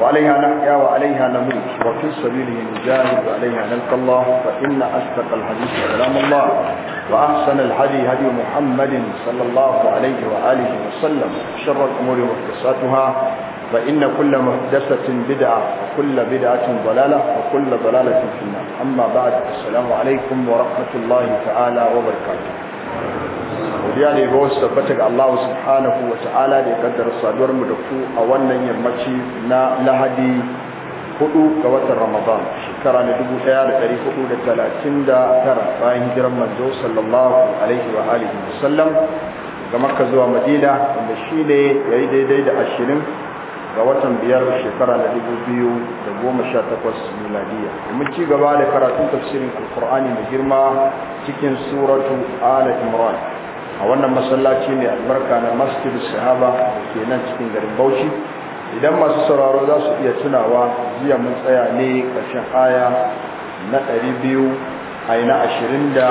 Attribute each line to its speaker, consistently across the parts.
Speaker 1: وعليها نحيا وعليها نموت وفي السبيل نجاهد وعليها نلقى الله فإن أصدق الحديث كلام الله وأحسن الهدي هدي محمد صلى الله عليه وآله وسلم شر الأمور محدثاتها فإن كل محدثة بدعة وكل بدعة ضلالة وكل ضلالة في النار أما بعد السلام عليكم ورحمة الله تعالى وبركاته godiya da yabo wasu tabbata ga Allah subhanahu wa ta'ala da ya kaddara saduwar mu da ku a wannan yammaci na Lahadi hudu ga watan Ramadan shekara na tara, bayan hijiran manzo sallallahu alaihi wa alihi wasallam ga Makka zuwa Madina wanda shine yayi daidai da ashirin, ga watan biyar shekara na 2018 miladiya mun ci gaba da karatun tafsirin al da girma cikin suratu Al-Imran a wannan masallaci ne albarka na masjid sahaba ke nan cikin garin bauchi idan masu sauraro za su iya tunawa jiya mun tsaya ne ƙarshen aya na ɗari biyu a na ashirin da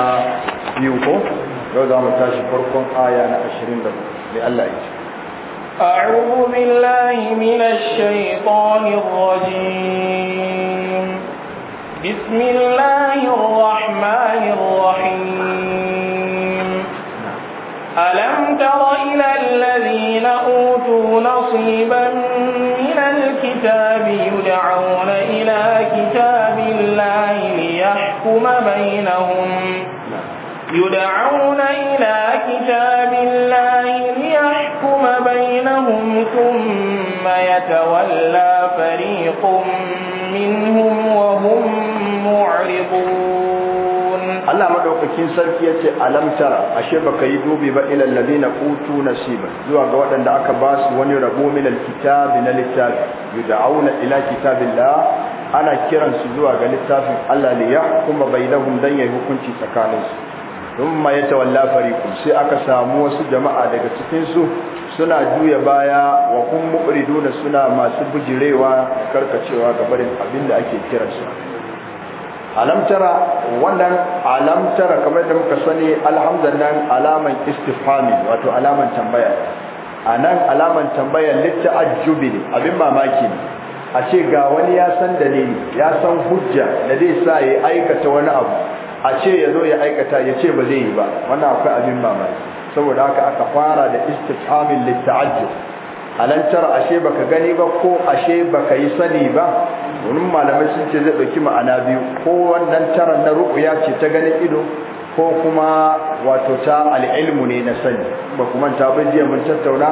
Speaker 1: biyu ko yau za mu tashi farkon aya na ashirin da mai Allah ya ce
Speaker 2: أعوذ بالله من الشيطان الرجيم بسم الله الرحمن الرحيم ألم تر إلى الذين أوتوا نصيبا من الكتاب يدعون إلى كتاب الله ليحكم بينهم يدعون
Speaker 1: cikin sarki ce alam tara ashe ba ka yi dubi ba ilal ladina na nasiba zuwa ga waɗanda aka ba su wani rabo min alkitabi na littafi yud'auna ila kitabillah ana kiransu zuwa ga littafin Allah li bai bainahum dan yayi hukunci tsakanin su thumma yatawalla fariku sai aka samu wasu jama'a daga cikin su suna juya baya wa kun da suna masu bujirewa karkacewa ga barin abin da ake kiransu alam tara wannan alam kamar da muka sani alhamdulillah alaman istifhami wato alaman tambaya anan alaman tambaya litta'ajjubi abin mamaki ne a ce ga wani ya san dalili ya san hujja da zai sa ya aikata wani abu a ce ya zo ya aikata ya ce ba zai yi ba wannan akwai abin mamaki saboda haka aka fara da istifhamin litta'ajjub alam tara ashe baka gani ba ko ashe baka yi sani ba wurin malamai sun ce zai ɗauki ma'ana biyu ko wannan tara na ru'uya ce ta ganin ido ko kuma wato ta al'ilmu ne na sani ba kuma ta jiya mun tattauna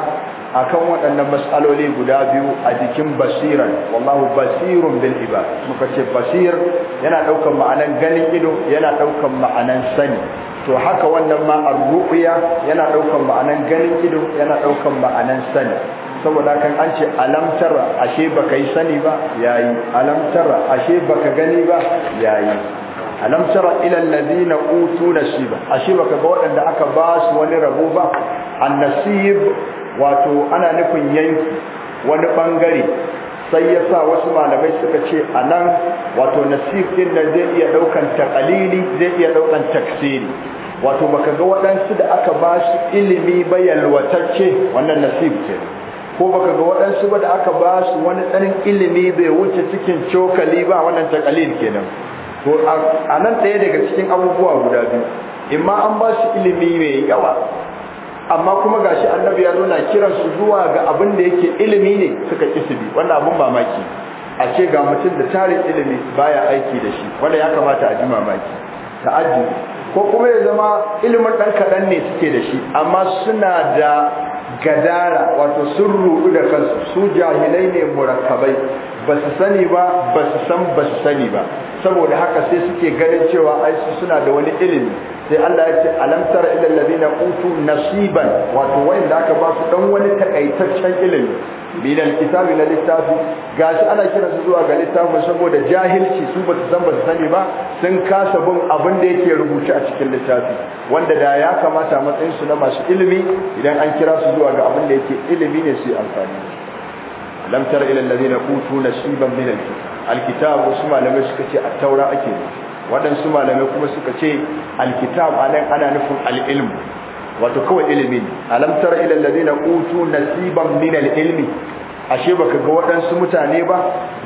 Speaker 1: akan waɗannan matsaloli guda biyu a jikin basiran wallahu basirun bil ibad muka ce basir yana ɗaukan ma'anan ganin ido yana ɗaukan ma'anan sani to haka wannan ma ru'uya yana ɗaukan ma'anan ganin ido yana ɗaukan ma'anan sani saboda kan an ce alam tara ashe baka yi sani ba yayi alam tara ashe baka gani ba yayi alam tara ila alladhina utu nasiba ashe baka ga waɗanda aka ba su wani rabo ba annasib wato ana nufin yanki wani bangare sai ya sa wasu malamai suka ce anan wato nasib din nan zai iya daukan taqalili zai iya daukan taksiri wato baka ga waɗansu da aka ba su ilimi bayan yalwatacce wannan nasib ce ko baka ga waɗansu ba da aka ba su wani tsanin ilimi bai wuce cikin cokali ba wannan takalil kenan to a nan ɗaya daga cikin abubuwa guda biyu imma an ba su ilimi mai yawa amma kuma gashi annabi ya nuna kiran su zuwa ga abin da yake ilimi ne suka kisibi wannan abun mamaki a ce ga mutum da tarin ilimi baya aiki da shi wanda ya kamata a ji mamaki aji ko kuma ya zama ilimin ɗan kaɗan ne suke da shi amma suna da gadara wato sun rudu da kansu su jahilai ne murakkabai ba su sani ba ba su san ba su sani ba saboda haka sai suke ganin cewa ai su suna da wani ilimi sai Allah ya ce alam tara ila alladhina utu nasiban wato wanda aka ba su dan wani takaitaccen ilimi min alkitabi na littafi gashi ana kira su zuwa ga littafin saboda jahilci su ba su san ba su sani ba sun kasa bin abin da yake rubuce a cikin littafi wanda da ya kamata matsayin su na masu ilimi idan an kira su zuwa ga abin da yake ilimi ne su yi amfani lam tara ila allazina utu nasiban min alkitab wasu malamai suka ce at-taura ake waɗansu malamai kuma suka ce alkitab anan ana nufin alilm wato kawai ilimi alam tara ila allazina utu nasiban min al ashe baka ga waɗansu mutane ba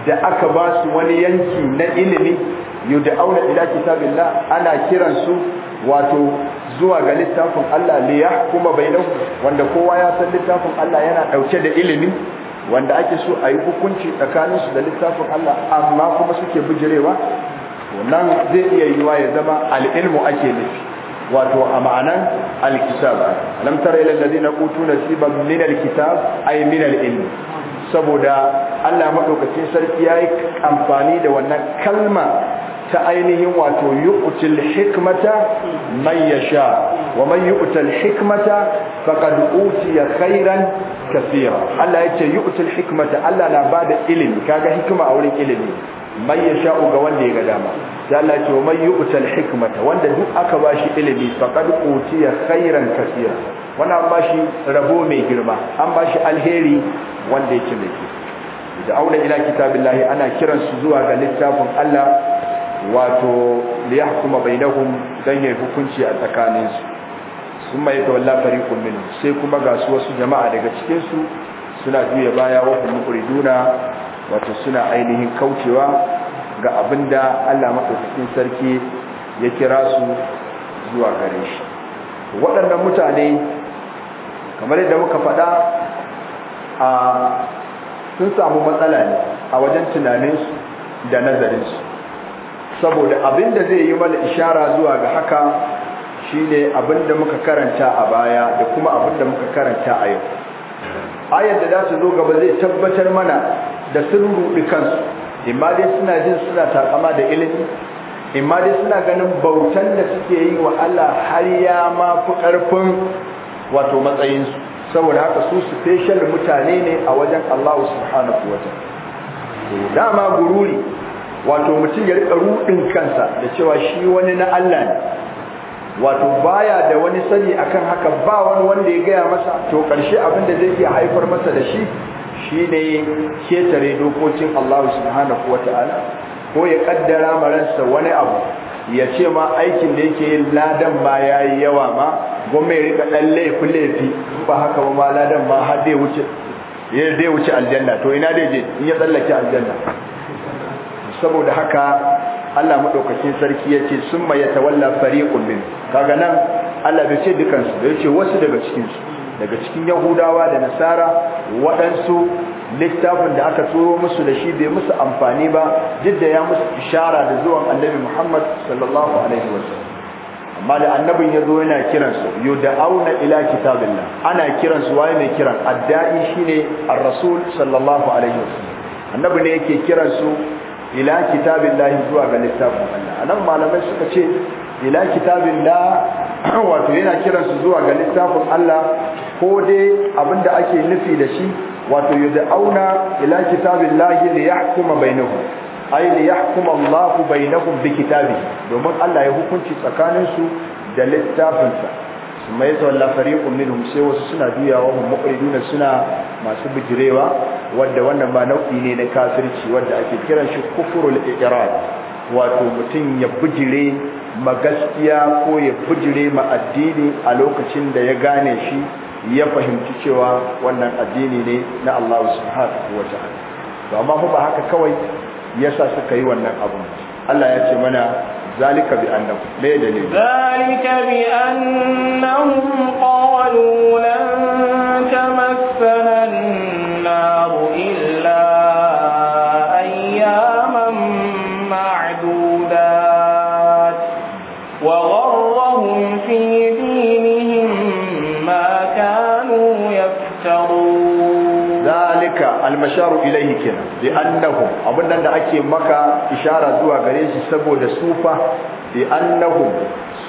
Speaker 1: da aka ba su wani yanki na ilimi yud'auna ila kitabillah ana kiran su wato zuwa ga littafin Allah li yahkuma bainahum wanda kowa ya san littafin Allah yana dauke da ilimi wanda ake so a yi hukunci tsakaninsu da littafin Allah amma kuma suke bijirewa nan zai iya yiwa ya zama al'ilmu ake nufi wato a ma'anan alkitab lam tara na alladhina qutu nasiban min alkitab yi min alilm saboda Allah maɗaukacin sarki ya yi amfani da wannan kalma ta ainihin wato yu'til hikmata man yasha wa man yu'til hikmata faqad utiya khairan kaseera Allah yace yu'til hikmata Allah na bada ilimi kaga hikima a wurin ilimi man yasha ga wanda ya ga dama ta Allah yace wa man hikmata wanda duk aka bashi ilimi faqad utiya khairan kaseera wannan shi rabo mai girma an ba shi alheri wanda yake mai da auna ila kitabillahi ana kiransu zuwa ga littafin Allah wato li yahkuma bainahum dan yayi hukunci a tsakaninsu. su sun mai tawalla fariqun minhum sai kuma ga su wasu jama'a daga cikinsu su suna juya baya wa hum muriduna wato suna ainihin kaucewa ga abinda Allah madaukakin sarki ya kira su zuwa gare shi waɗannan mutane kamar yadda muka faɗa sun samu matsala ne a wajen tunaninsu da nazarinsu saboda abin da zai yi mana ishara zuwa ga haka shine abin da muka karanta a baya da kuma abin da muka karanta a yau ayar da za zo gaba zai tabbatar mana da sun ruɗi kansu imma dai suna jin suna takama da ilimi imma dai suna ganin bautan da suke yi wa Allah har ya ma fi ƙarfin wato matsayinsu saboda haka su special mutane ne a wajen Allah subhanahu wa ta'ala dama gururi wato mutum ya rika rudin kansa da cewa shi wani na Allah ne wato baya da wani sani akan haka ba wani wanda ya gaya masa to karshe abin da zai iya haifar masa da shi shine ketare dokokin Allah subhanahu wataala ko ya kaddara maransa wani abu ya ce ma aikin da yake yin ladan ma yayi yawa ma gome ya rika dan laifi laifi ba haka ba ma ladan ma har dai wuce ya wuce aljanna to ina dai je in ya tsallake aljanna saboda haka Allah madaukakin sarki yace summa yatawalla fariqun min kaga nan Allah bai ce dukan su bai ce wasu daga cikin su daga cikin Yahudawa da Nasara waɗansu littafin da aka turo musu da shi bai musu amfani ba duk da ya musu ishara da zuwan Annabi Muhammad sallallahu alaihi wasallam amma da annabin ya zo yana kiransu auna ila kitabillah ana kiransu waye mai kiran adda'i shine ar-rasul sallallahu alaihi wasallam annabi ne yake kiransu ila kitabillahi zuwa ga littafin Allah anan malamai suka ce ila kitabillah wato yana kiran su zuwa ga littafin Allah ko dai abinda ake nufi da shi wato yud'auna ila kitabillahi li yahkuma bainahum ay li yahkuma Allahu bainahum bi kitabi domin Allah ya hukunci tsakaninsu da littafinsa yi يتولى lafari sai wasu suna juyawa hum na suna masu bijirewa Wadda wannan ba nau'i ne na kafirci wadda ake kiran shi kufurul iqrar wato mutum ya bijire ma gaskiya ko ya bijire ma addini a lokacin da ya gane shi ya fahimci cewa wannan addini ne na Allah subhanahu wa ta'ala to amma ba haka kawai yasa suka yi wannan abu. Allah ya ce mana ذلك بأنهم ما دليل
Speaker 2: ذلك بأنهم قالوا لن تمسنا النار إلا أياما معدودات وغرهم في دينهم
Speaker 1: ما كانوا يفترون ذلك المشار إليه كنا بأنهم أبدا أكي مكة ishara zuwa gare shi saboda sufa bi annahu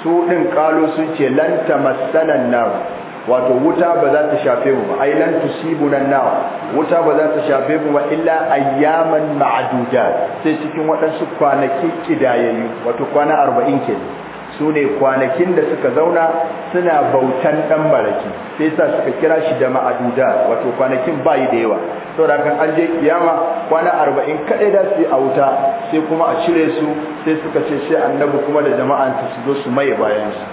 Speaker 1: su din kalo sun ce lan tamassana nar wato wuta ba za ta shafe mu ba ai lan tusibuna nar wuta ba za ta shafe mu ba illa ayyaman ma'dudat sai cikin waɗansu kwanaki kidayayyu wato kwana 40 kenan su ne kwanakin da suka zauna suna bautan ɗan baraki sai sa suka kira shi da ma'aduda wato kwanakin bayi da yawa saboda kan an je kiyama kwana arba'in kaɗai da su a wuta sai kuma a cire su sai suka ce sai annabi kuma da jama'an su zo su maye bayan su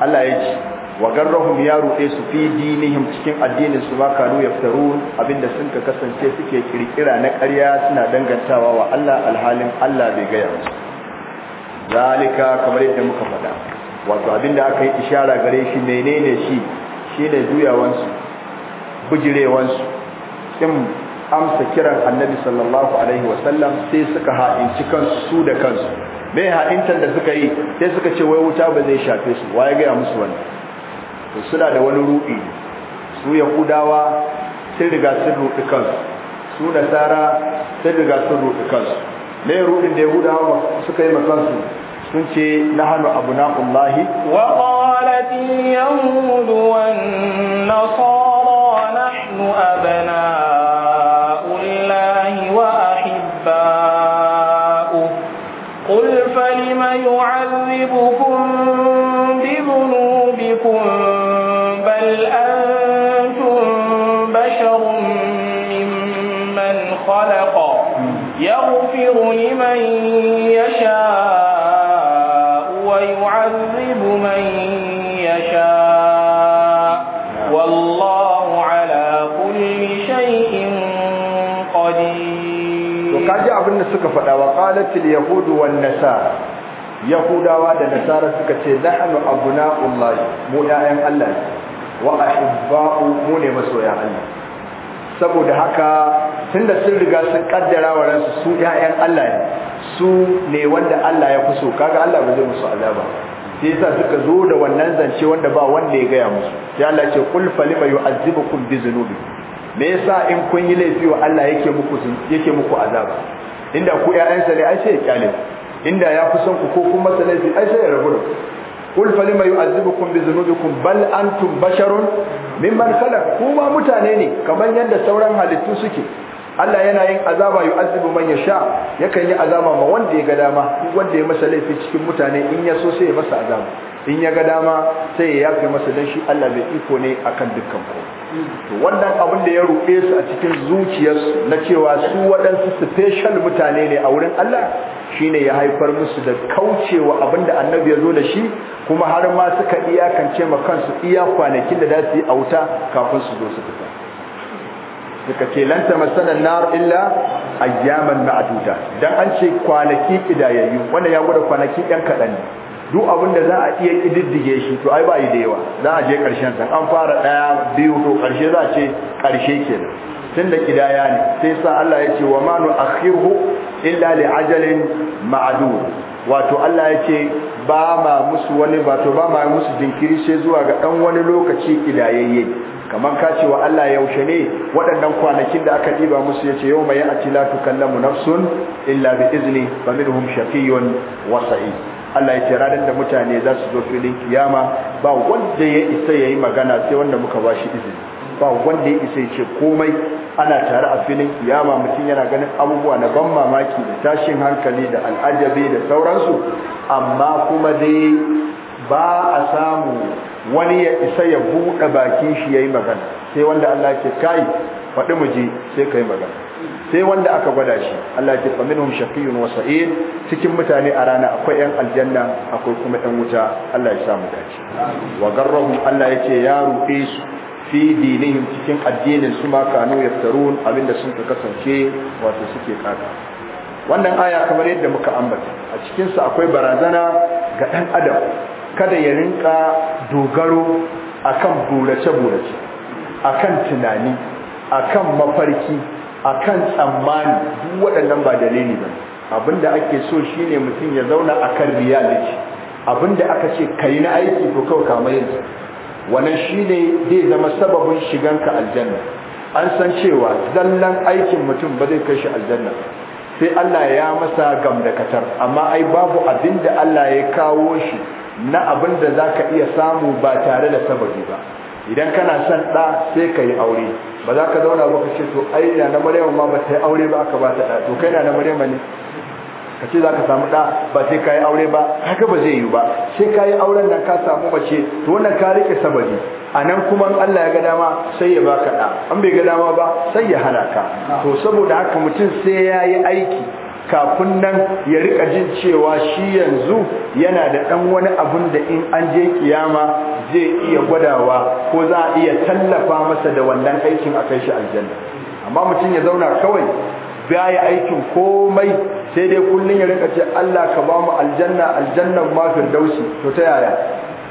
Speaker 1: Allah ya ce wa garrahum ya ruɗe su fi dinihim cikin addinin su ba kanu yaftarun abinda sun ka kasance suke kirkira na ƙarya suna dangantawa wa Allah alhalin Allah bai gaya musu zalika kamar yadda muka faɗa wato abinda aka yi ishara gare shi menene shi shine juyawansu bujirewansu kin amsa kiran annabi sallallahu alaihi wasallam sai suka ha'inci kansu su da kansu me ha'intar da suka yi sai suka ce wai wuta ba zai shafe su waye ga musu wani? to suna da wani ruɗi su yahudawa sun riga sun ruɗi kansu su nasara sun riga sun ruɗi kansu me ruɗin da yahudawa suka yi ma kansu sunce ce abuna Allah wa
Speaker 2: qalat yahud wa nasara nahnu Allah wa ahibba qul falima yu'adhibukum bi dhunubikum bal antum basharun mimman khalaqa yaghfiru liman
Speaker 1: suka faɗa wa qalatil yahud wan yahudawa da nasara suka ce nahnu allah mu ƴaƴan Allah wa ahibba'u mu ne masoyan Allah saboda haka tunda sun riga sun kaddara wa ransu su ƴaƴan Allah su ne wanda Allah ya fi kaga Allah ba zai musu azaba sai yasa suka zo da wannan zance wanda ba wanda ya gaya musu sai Allah ce qul falima yu'azzibukum bi dhunubi me yasa in kun yi laifi wa Allah yake muku yake muku azaba inda ku ƴaƴansa ne ai sai ya kyale inda ya fi son ku ko kuma masa laifi ai ya rabu kul fa lima yu'azzibukum bi dhunubikum bal antum basharun mimman khalaq kuma mutane ne kamar yadda sauran halittu suke Allah yana yin azaba yu'azzibu man yasha yakan yi azaba ma wanda ya ga dama wanda ya masa laifi cikin mutane in ya so sai ya masa azaba in ya ga dama sai ya yafe masa dan shi Allah bai iko ne akan dukkan ku. wannan abin da ya rufe su a cikin zuciyarsu na cewa su waɗansu special mutane ne a wurin Allah shine ya haifar musu da kaucewa abin da annabi ya zo da shi kuma har ma suka iyakance ma kansu iya kwanakin da za su yi auta kafin su zo su fita suka ce lan masana nar illa ayyaman ma'duda dan an ce kwanaki kidayayyu wannan ya gwada kwanaki ɗan kaɗan duk abin da za a iya kididdige shi to ai ba yi da yawa za a je karshen sa an fara ɗaya biyu to karshe za a ce karshe kenan tun da kidaya ne sai sa Allah ya ce wa ma nu akhiru illa li ajalin ma'dud wato Allah ya ce ba ma musu wani wato ba ma musu jinkiri sai zuwa ga dan wani lokaci kidayayye kamar ka ce wa Allah yaushe ne waɗannan kwanakin da aka diba musu ya ce yau mai a ci la tukallamu nafsun illa bi izni ba minhum shaqiyyun wa Allah ya ce ranar da mutane za su zo filin kiyama ba wanda ya isa ya yi magana sai wanda muka ba shi izini ba wanda ya isa ya ce komai ana tare a filin kiyama mutum yana ganin abubuwa na ban mamaki da tashin hankali da al'ajabi da sauransu amma kuma dai ba a samu wani ya isa ya buɗe bakin shi ya yi magana sai wanda Allah ya ke kai faɗi mu je sai ka yi magana sai wanda aka gwada shi Allah ya fa minhum shaqiyun wa sa'id cikin mutane a rana akwai yan aljanna akwai kuma yan wuta Allah ya sa mu dace wa garrahum Allah yake ya rufe su fi dinihim cikin addinin su ma kanu yaftarun abinda sun ka kasance wato suke kaka wannan aya kamar yadda muka ambata a cikin sa akwai barazana ga dan adam kada ya rinka dogaro akan burace burace akan tunani akan mafarki akan tsammani duk waɗannan ba dalili ba abinda ake so shine mutum ya zauna akan reality abinda aka ce kai na aiki to kawai ka mai wannan shine zai zama sababin shiganka aljanna an san cewa zallan aikin mutum ba zai kai shi aljanna sai Allah ya masa gamdakatar amma ai babu abinda Allah ya kawo shi na abinda zaka iya samu ba tare da sababi ba idan kana son da sai ka yi aure ba za ka zauna ba ka ce to ai na na maryam ma ba ta yi aure ba aka ba ta da to kai na na maryam ne ka ce za ka samu da ba sai ka yi aure ba haka ba zai yi ba sai ka yi auren nan ka samu mace to wannan ka rike sabari a nan kuma in Allah ya ga dama sai ya baka da an bai ga dama ba sai ya hana ka to saboda haka mutum sai ya yi aiki kafin nan ya rika jin cewa shi yanzu yana da ɗan wani abun da in an je kiyama zai iya gwadawa ko za a iya tallafa masa da wannan aikin a kai shi aljanna amma mutum ya zauna kawai baya aikin komai sai dai kullum ya rika ce Allah ka ba mu aljanna aljannan ma firdausi to ta yaya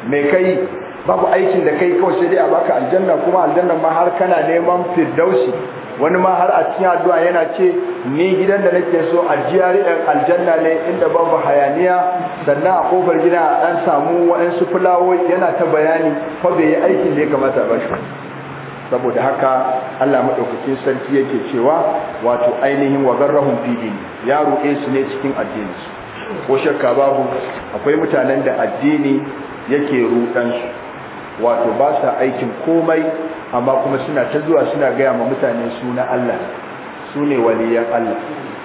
Speaker 1: me kai babu aikin da kai kawai sai dai a baka aljanna kuma aljannan ma har kana neman firdausi wani ma har a cikin addu'a yana ce ni gidan da nake so a ɗan aljanna ne inda babu hayaniya sannan a kofar gida a ɗan samu waɗansu fulawoyi yana ta bayani fa bai yi aikin da ya kamata ba shi saboda haka Allah maɗaukakin sarki yake cewa wato ainihin wa garrahum fi dini ya su ne cikin addini ko shakka babu akwai mutanen da addini yake ruɗan su wato ba sa aikin komai amma kuma suna ta zuwa suna gaya ma mutane suna Allah su ne waliyan Allah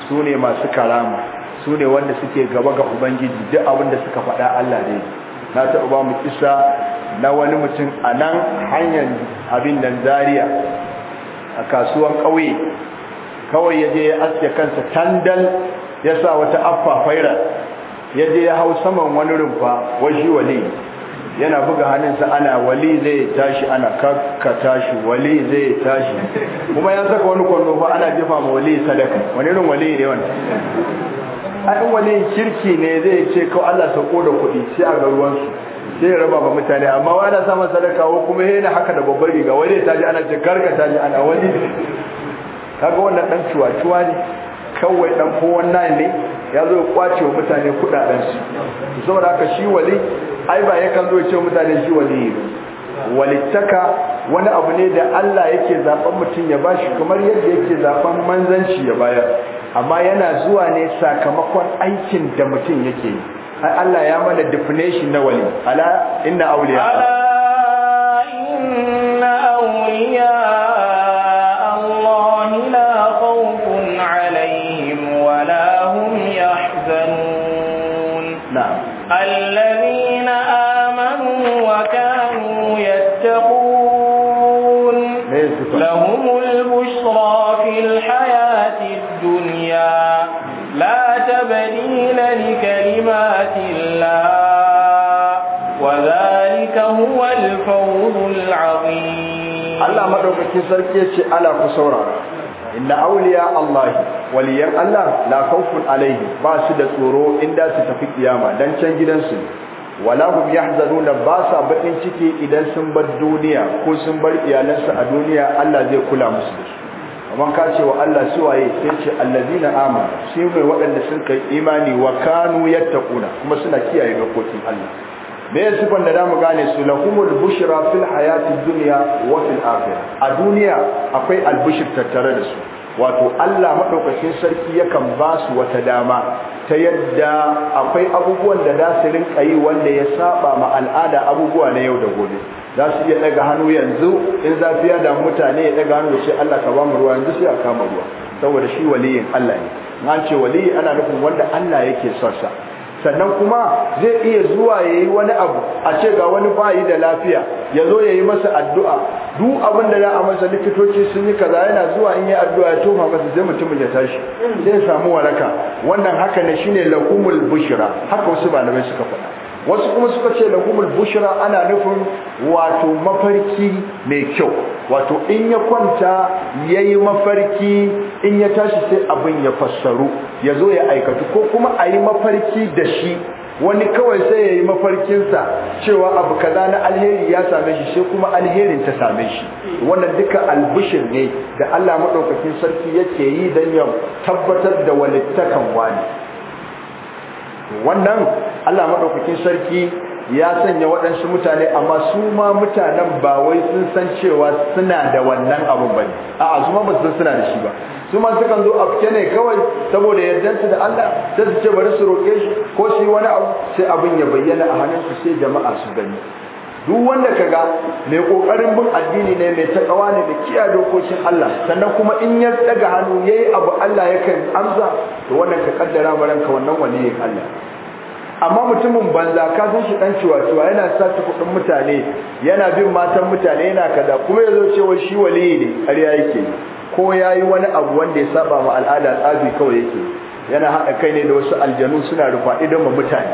Speaker 1: su ne masu karama su ne wanda suke gaba ga ubangiji duk abinda suka faɗa Allah ne na taɓa ba mu kisa na wani mutum a nan hanyar abin nan zariya a kasuwan ƙauye kawai ya je ya aske kansa tandal ya sa wata affa faira ya je ya hau saman wani rumfa washi ne. yana buga hannunsa ana wali zai tashi ana kakka tashi wali zai tashi kuma ya saka wani kwallo ba ana jefa ma wali sadaka wani irin wali ne wani an wani kirki ne zai ce ko Allah sauko da kuɗi sai a ga ruwansu sai ya raba ba mutane amma wa ana samun sadaka ko kuma yana haka da babbar riga wali tashi ana ce karka tashi ana wali kaga wannan dan cuwa-cuwa ne kawai dan kowanne ne ya zo ya kwace wa mutane kuɗaɗensu saboda haka shi wali ai ba yakan zo ya ce mutane shi ne walittaka wani abu ne da Allah yake zaben mutum ya bashi kamar yadda yake zaben manzanci ya bayar amma yana zuwa ne sakamakon aikin da mutum yake yi ai Allah ya mana definition na wali ala inna awliya ala Allah madaukakin sarki yace ala ku saurara inna awliya Allah waliyan Allah la khawfun alaihim ba su da tsoro inda su tafi kiyama dan can gidansu wala hum yahzanuna ba sa bakin ciki idan sun bar duniya ko sun bar iyalansu a duniya Allah zai kula musu da su amma ka ce wa Allah su waye sai ce allazina amanu sai mai waɗanda sun kai imani wa kanu yattaquna kuma suna kiyaye dokokin Allah me ya sifan da damu gane su lahumul bushra fil hayati Duniya, wa fil akhirah a duniya akwai albushir tattare da su wato Allah madaukakin sarki yakan ba su wata dama ta yadda akwai abubuwan da za su rinka yi wanda ya saba ma al'ada abubuwa na yau da gobe za su iya daga hannu yanzu in zafi ya damu mutane ya daga hannu sai Allah ka ba mu ruwa yanzu sai a kama ruwa saboda shi waliyin Allah ne an ce waliyi ana nufin wanda Allah yake son sa sannan kuma zai iya zuwa ya yi wani abu a ce ga wani bayi da lafiya ya zo ya yi masa addu'a duk abin da za a masa likitoci sun yi kaza yana zuwa in yi addu'a ya tofa masa zai mutumin ya tashi zai samu waraka wannan haka ne shine lakumul bushra haka wasu malamai suka faɗa wasu kuma suka ce lahumul bushra ana nufin wato mafarki mai kyau wato in ya kwanta yayi mafarki in ya tashi sai abin ya fassaru ya zo ya aikatu ko kuma a yi mafarki da shi wani kawai sai ya yi mafarkinsa cewa abu kaza na alheri ya same shi sai kuma alherin ta same shi wannan duka albushir ne da Allah maɗaukakin sarki yake yi dan ya tabbatar da walittakan wani wannan Allah madaukakin sarki ya sanya waɗansu mutane amma su ma mutanen ba wai sun san cewa suna da wannan abun bane a'a su ma ba san suna da shi ba su ma sukan zo afke ne kawai saboda yardansu da Allah sai su ce bari su roke shi ko shi wani abu sai abin ya bayyana a hannun su sai jama'a su gani duk wanda ka ga mai ƙoƙarin bin addini ne mai takawa ne da kiyaye dokokin Allah sannan kuma in ya daga hannu ya yi abu Allah ya yakan amsa to wannan ka kaddara ranka wannan wani waliyin Allah amma mutumin banza ka san shi dan ciwa ciwa yana sace kuɗin mutane yana bin matan mutane yana kaza kuma ya zo cewa shi waliyi ne har yayi ke ko yayi wani abu wanda ya saba ma al'ada tsabi kawai yake yana haɗa kai ne da wasu aljanu suna rufa idan ma mutane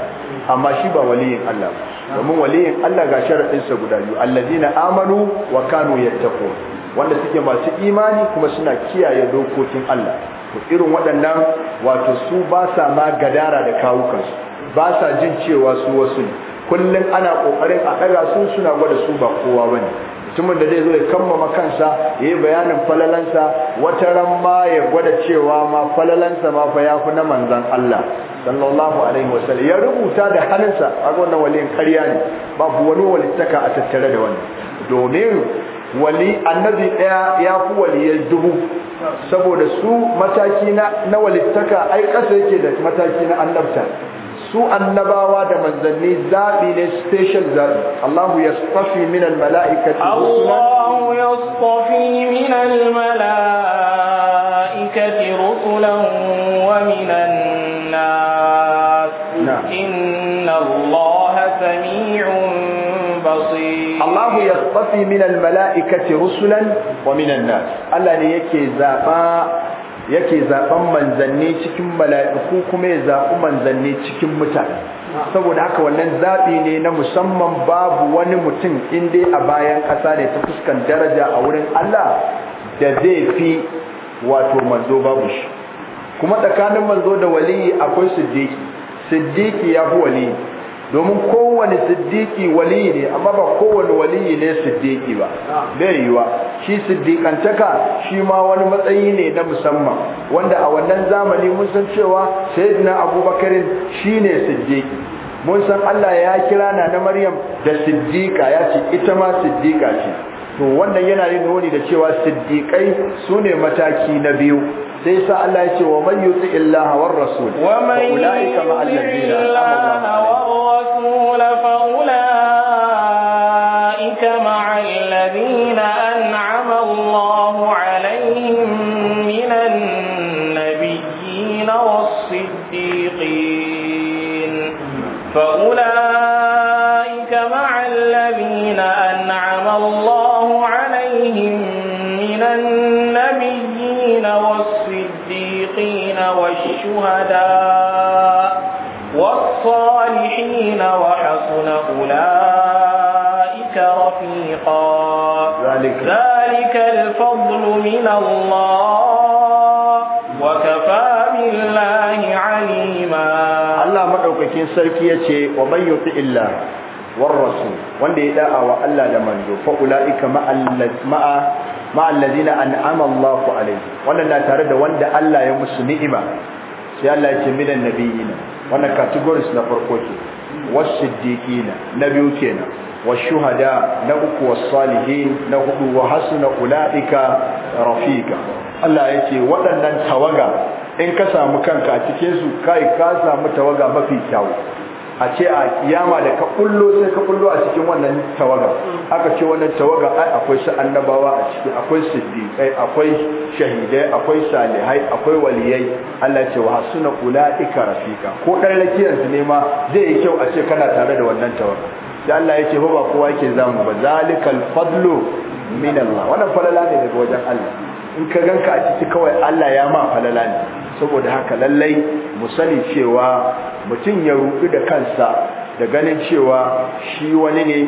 Speaker 1: amma shi ba waliyin Allah ba domin waliyin Allah ga sharaɗinsa guda biyu allazina amanu wa kanu yattaqu wanda suke masu imani kuma suna kiyaye dokokin Allah to irin waɗannan wato su ba sa ma gadara da kawukansu ba sa jin cewa su wasu ne kullum ana ƙoƙarin a ɗaga su suna gwada su ba kowa bane mutumin da zai zo ya kammama kansa ya yi bayanin falalansa wata ran ma ya gwada cewa ma falalansa ma fa ya fi na manzan Allah sallallahu alaihi wa sallam ya rubuta da hannunsa a wannan waliyin ƙarya ne babu wani walittaka a tattare da wani domin wali annabi ɗaya ya fi waliyai dubu saboda su mataki na walittaka ai ƙasa yake da mataki na annabta su annabawa da manzanni zaɓi ne special zabi Allahu yastafi min almalaikati Allahu
Speaker 2: yastafi min rusulan wa inna
Speaker 1: Allahu yastafi min almalaikati rusulan wa min nas Allah ne yake zaɓa. yake zaben manzanni cikin mala'iku kuma ya zaɓi manzanni cikin mutane saboda haka wannan zaɓi ne na musamman babu wani mutum inda a bayan ƙasa ne ta fuskan daraja a wurin Allah da zai fi wato manzo babu shi kuma tsakanin manzo da waliyi akwai Siddiki. siddiqi ya fi waliyi domin kowane siddiki wali ne amma ba kowane wali ne siddiki ba bai yiwa shi siddiqantaka shi ma wani matsayi ne na musamman wanda a wannan zamani mun san cewa sayyidina abubakar ne siddiki mun san Allah ya kira na Maryam da siddika ya ce ita ma siddika ce to wannan yana yin nuni da cewa siddiqai sune mataki na biyu sai sa Allah ya ce wa man yuti illaha war rasul wa man ulaika ma alladhina
Speaker 2: war rasul fa ulaika ma alladhina an'ama Allahu alaihim إلى الله وكفى بالله عليما الله
Speaker 1: مدوكين سركي يتي ومن يطع الله والرسول وان دي دعوا الله ده منزو فاولئك مع مع مع الذين انعم الله عليهم wannan na tare da wanda Allah ya musu ni'ima sai Allah ya ce minan nabiyina wannan categories na farko ke wasiddiqina na biyu kenan shuhada, na uku salihin, na hudu wa hasuna ulaika rafiqa Allah yake waɗannan tawaga in ka samu kanka a cikin su kai ka samu tawaga mafi kyau a ce a kiyama da ka kullo sai ka kullo a cikin wannan tawaga aka ce wannan tawaga ai akwai shi annabawa a ciki akwai siddiqai akwai shahidai akwai salihai akwai waliyai Allah ce wa hasuna ulaika rafiqa ko dan lakiyar su ne ma zai yi kyau a ce kana tare da wannan tawaga da Allah yake ba kowa yake zamu ba zalikal fadlu min wannan falala ne daga wajen Allah in ka ganka a ciki kawai Allah ya ma falala ne saboda haka lallai mu sani cewa mutum ya rudu da kansa da ganin cewa shi wani ne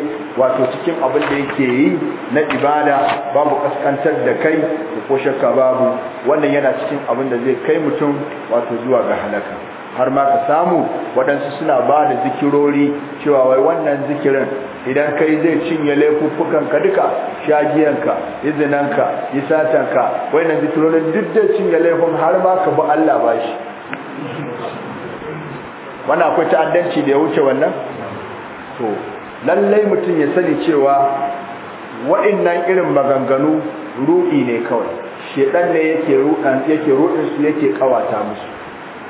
Speaker 1: wato cikin abin da yake yi na ibada babu kaskantar da kai da ko shakka babu wannan yana cikin abin da zai kai mutum wato zuwa ga halaka har ma ka samu waɗansu suna ba da zikirori cewa wai wannan zikirin idan kai zai cinye ka duka shagiyanka izinanka isatanka waina zikirorin duk da cinye laifin har ma ka bi Allah ba shi wannan akwai ta'addanci da ya wuce wannan to lallai mutum ya sani cewa waɗannan irin maganganu ru'i ne kawai shedan ne yake ruɗan yake ruɗin su yake kawata musu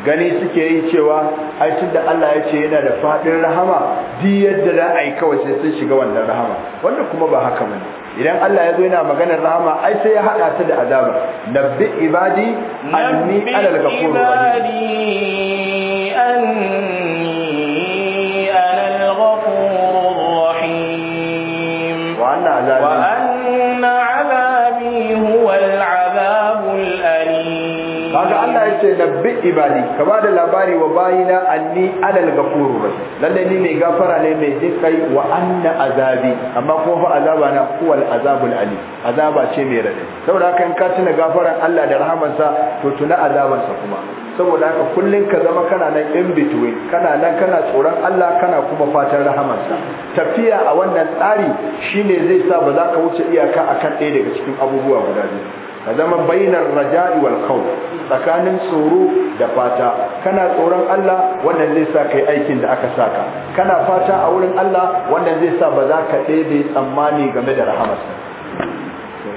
Speaker 1: gani suke yi cewa ai tunda Allah ya ce yana da fadin rahama di yadda za a yi kawai sai sun shiga wannan rahama wanda kuma ba haka bane idan Allah ya zo yana maganar rahama ai sai ya hada ta da azaba nabbi ibadi anni ana al-ghafur
Speaker 2: rahim wa anna azabi ce
Speaker 1: nabbi ibadi ka ba da labari wa bayina anni alal gafuru ba lalle ni mai gafara ne mai jin kai wa anna azabi amma ko fa azaba na huwal azabul ali azaba ce mai radadi saboda haka in ka tuna gafaran Allah da rahamansa to tuna azabansa kuma saboda haka kullun ka zama kana nan in between kana nan kana tsoron Allah kana kuma fatan rahamansa tafiya a wannan tsari shine zai sa ba za ka wuce iyaka akan ɗaya daga cikin abubuwa guda biyu ka zama bainar raja'i wal khawf tsakanin tsoro da fata kana tsoron Allah wannan zai sa kai aikin da aka saka kana fata a wurin Allah wannan zai sa ba za ka ɗebe tsammani game da rahamarsa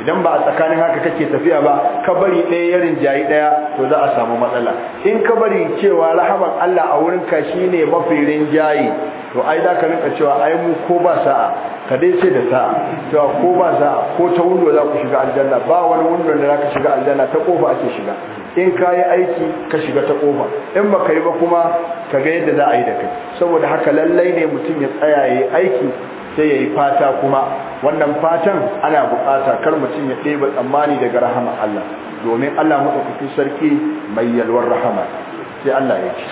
Speaker 1: idan ba a tsakanin haka kake tafiya ba ka bari ɗaya ya rinjayi ɗaya to za a samu matsala in ka bari cewa rahaman Allah a wurin ka shine mafi rinjayi to ai za ka rinka cewa ai mu ko ba sa'a ka dai ce da sa'a cewa ko ba sa'a ko ta wundo za ku shiga aljanna ba wani wundo da za ka shiga aljanna ta kofa ake shiga in ka yi aiki ka shiga ta kofa in ba ka yi ba kuma ka ga yadda za a yi da kai saboda haka lallai ne mutum ya tsaya ya yi aiki sai yayi fata kuma wannan fatan ana bukata kar mutum ya ɗeba tsammani daga rahama Allah domin Allah madaukakin sarki mai yalwar rahama sai Allah ya ce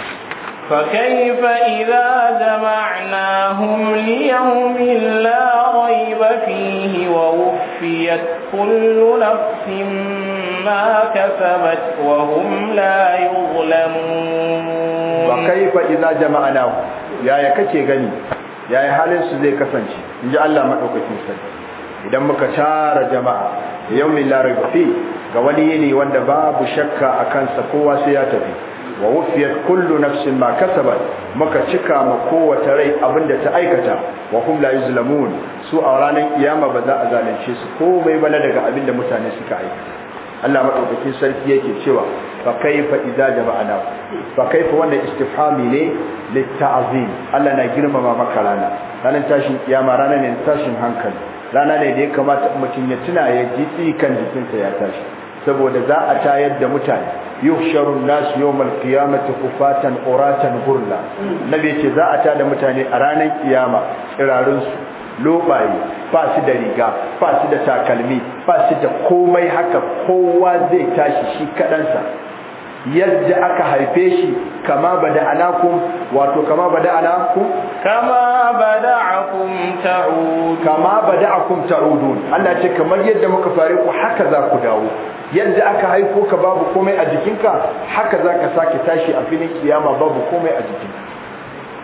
Speaker 2: فكيف إذا جمعناهم ليوم لا ريب فيه ووفيت كل نفس ما كسبت وهم لا يظلمون
Speaker 1: فكيف إذا جمعناهم yaya kake gani yayi halin su zai kasance in ji Allah madaukakin sarki idan muka tara jama'a da la rayba fi ga wani yini wanda babu shakka a kansa kowa sai ya tafi wa wufiyat kullu nafsin ma kasabat muka cika ma kowace rai abinda ta aikata wa hum la yuzlamun su a ranar kiyama ba za a zalunce su komai bala daga abinda mutane suka aikata Allah madaukakin sarki yake cewa fa kaifa idza jama'ana fa kaifa wannan istifhami ne litta'zim Allah na girmama maka rana ranar tashin kiyama ranar ne tashin hankali rana ne da ya kamata mutum ya tuna ya ji tsikan jikinsa ya tashi saboda za a tayar da mutane yuhsharun nas yawmal qiyamati kufatan uratan gurla nabi ce za a da mutane a ranar kiyama tsirarin su lobaye ba shi da riga ba shi da takalmi ba shi da komai haka kowa zai tashi shi kadansa yadda aka haife shi kama bada alakum wato kama bada alakum kama akum ta'ud kama akum ta'udun Allah ce kamar yadda muka fare ku haka za ku dawo yadda aka haifo ka babu komai a jikinka haka za ka sake tashi a filin kiyama babu komai a jikinka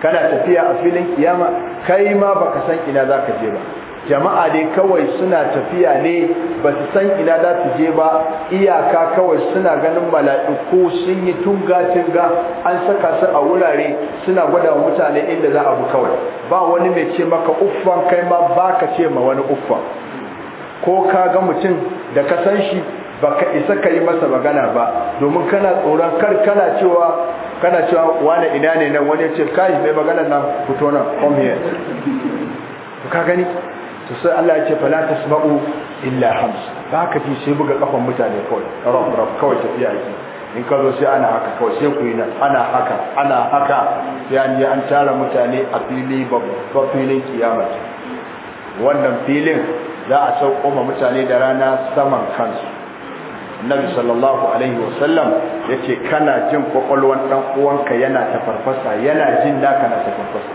Speaker 1: kana tafiya a filin kiyama kai ma baka san ina zaka je ba jama'a dai kawai suna tafiya ne ba su san ina za su je ba iyaka kawai suna ganin mala'iku sun yi tunga-tunga an saka su a wurare suna gwada mutane inda za a bu kawai ba wani mai ce maka uffan kai ma ba ka ce ma wani uffan ko ka ga mutum da ka san shi baka isa ka yi masa magana ba domin kana tsoron kar kana cewa kana cewa wani ina ne nan wani ce kai mai magana nan fito nan come here to ka gani to sai Allah ya ce fala tasma'u illa hams ba ka fi sai buga kafan mutane kawai rof rof kawai tafiya yake in ka zo sai ana haka kawai sai ku yi nan ana haka ana haka sai an an tara mutane a fili babban filin kiyama wannan filin za a sauko ma mutane da rana saman kansu nabi sallallahu alaihi wasallam yace kana jin kokolwan dan uwanka yana tafarfasa yana jin naka na tafarfasa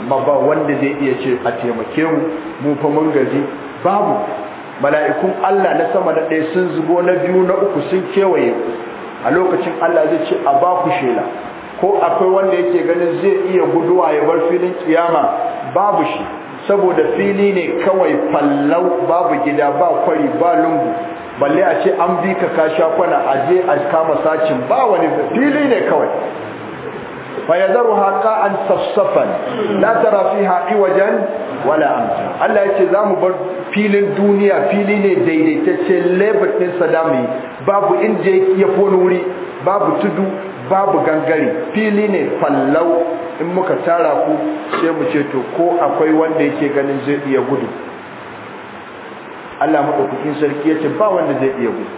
Speaker 1: amma ba wanda zai iya ce a taimake mu mu fa mun gaji babu mala'ikun Allah na sama da ɗaya sun zubo na biyu na uku sun kewaye a lokacin Allah zai ce a ba ku shela ko akwai wanda yake ganin zai iya guduwa ya bar filin kiyama babu shi saboda fili ne kawai fallau babu gida ba kwari ba lungu balle a ce an bi ka kasha kwana a je a kama sacin ba wani fili ne kawai haƙa an safsafan Na tara fiha wajen wala amta Allah ya ce za mu bar filin duniya fili ne daidaitaccen lebar sadami babu inda ya fona wuri babu tudu babu gangare fili ne fallau in muka tara ku sai mu ce to ko akwai wanda yake ganin zai iya gudu Allah madaukakin sarki yace ba wanda zai iya gudu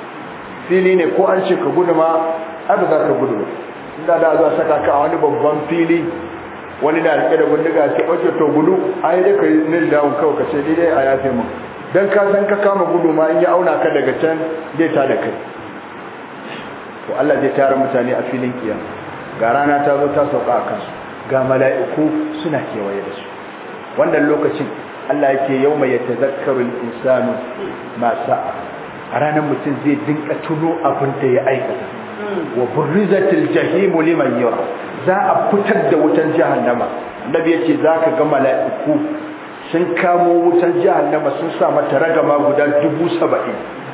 Speaker 1: fili ne ko an ce ka gudu ma ai za ka gudu inda da za saka ka a wani babban fili wani na rike da bindiga sai ɓace to gudu ai da kai nil down kawai ka ce dai a yafe mu dan ka san ka kama gudu ma in ya auna ka daga can zai ta da kai to Allah zai tara mutane a filin kiyama ga rana ta zo ta sauka a kansu ga mala'iku suna kewaye da su wannan lokacin Allah yake yau mai yata zakarun insanu masu sa'a ranar mutum zai dinka tuno abin da ya aikata wa burrizatil jahim liman yara za a fitar da wutan jahannama annabi yace ka ga mala'iku sun kamo wutan jahannama sun sa mata ragama guda dubu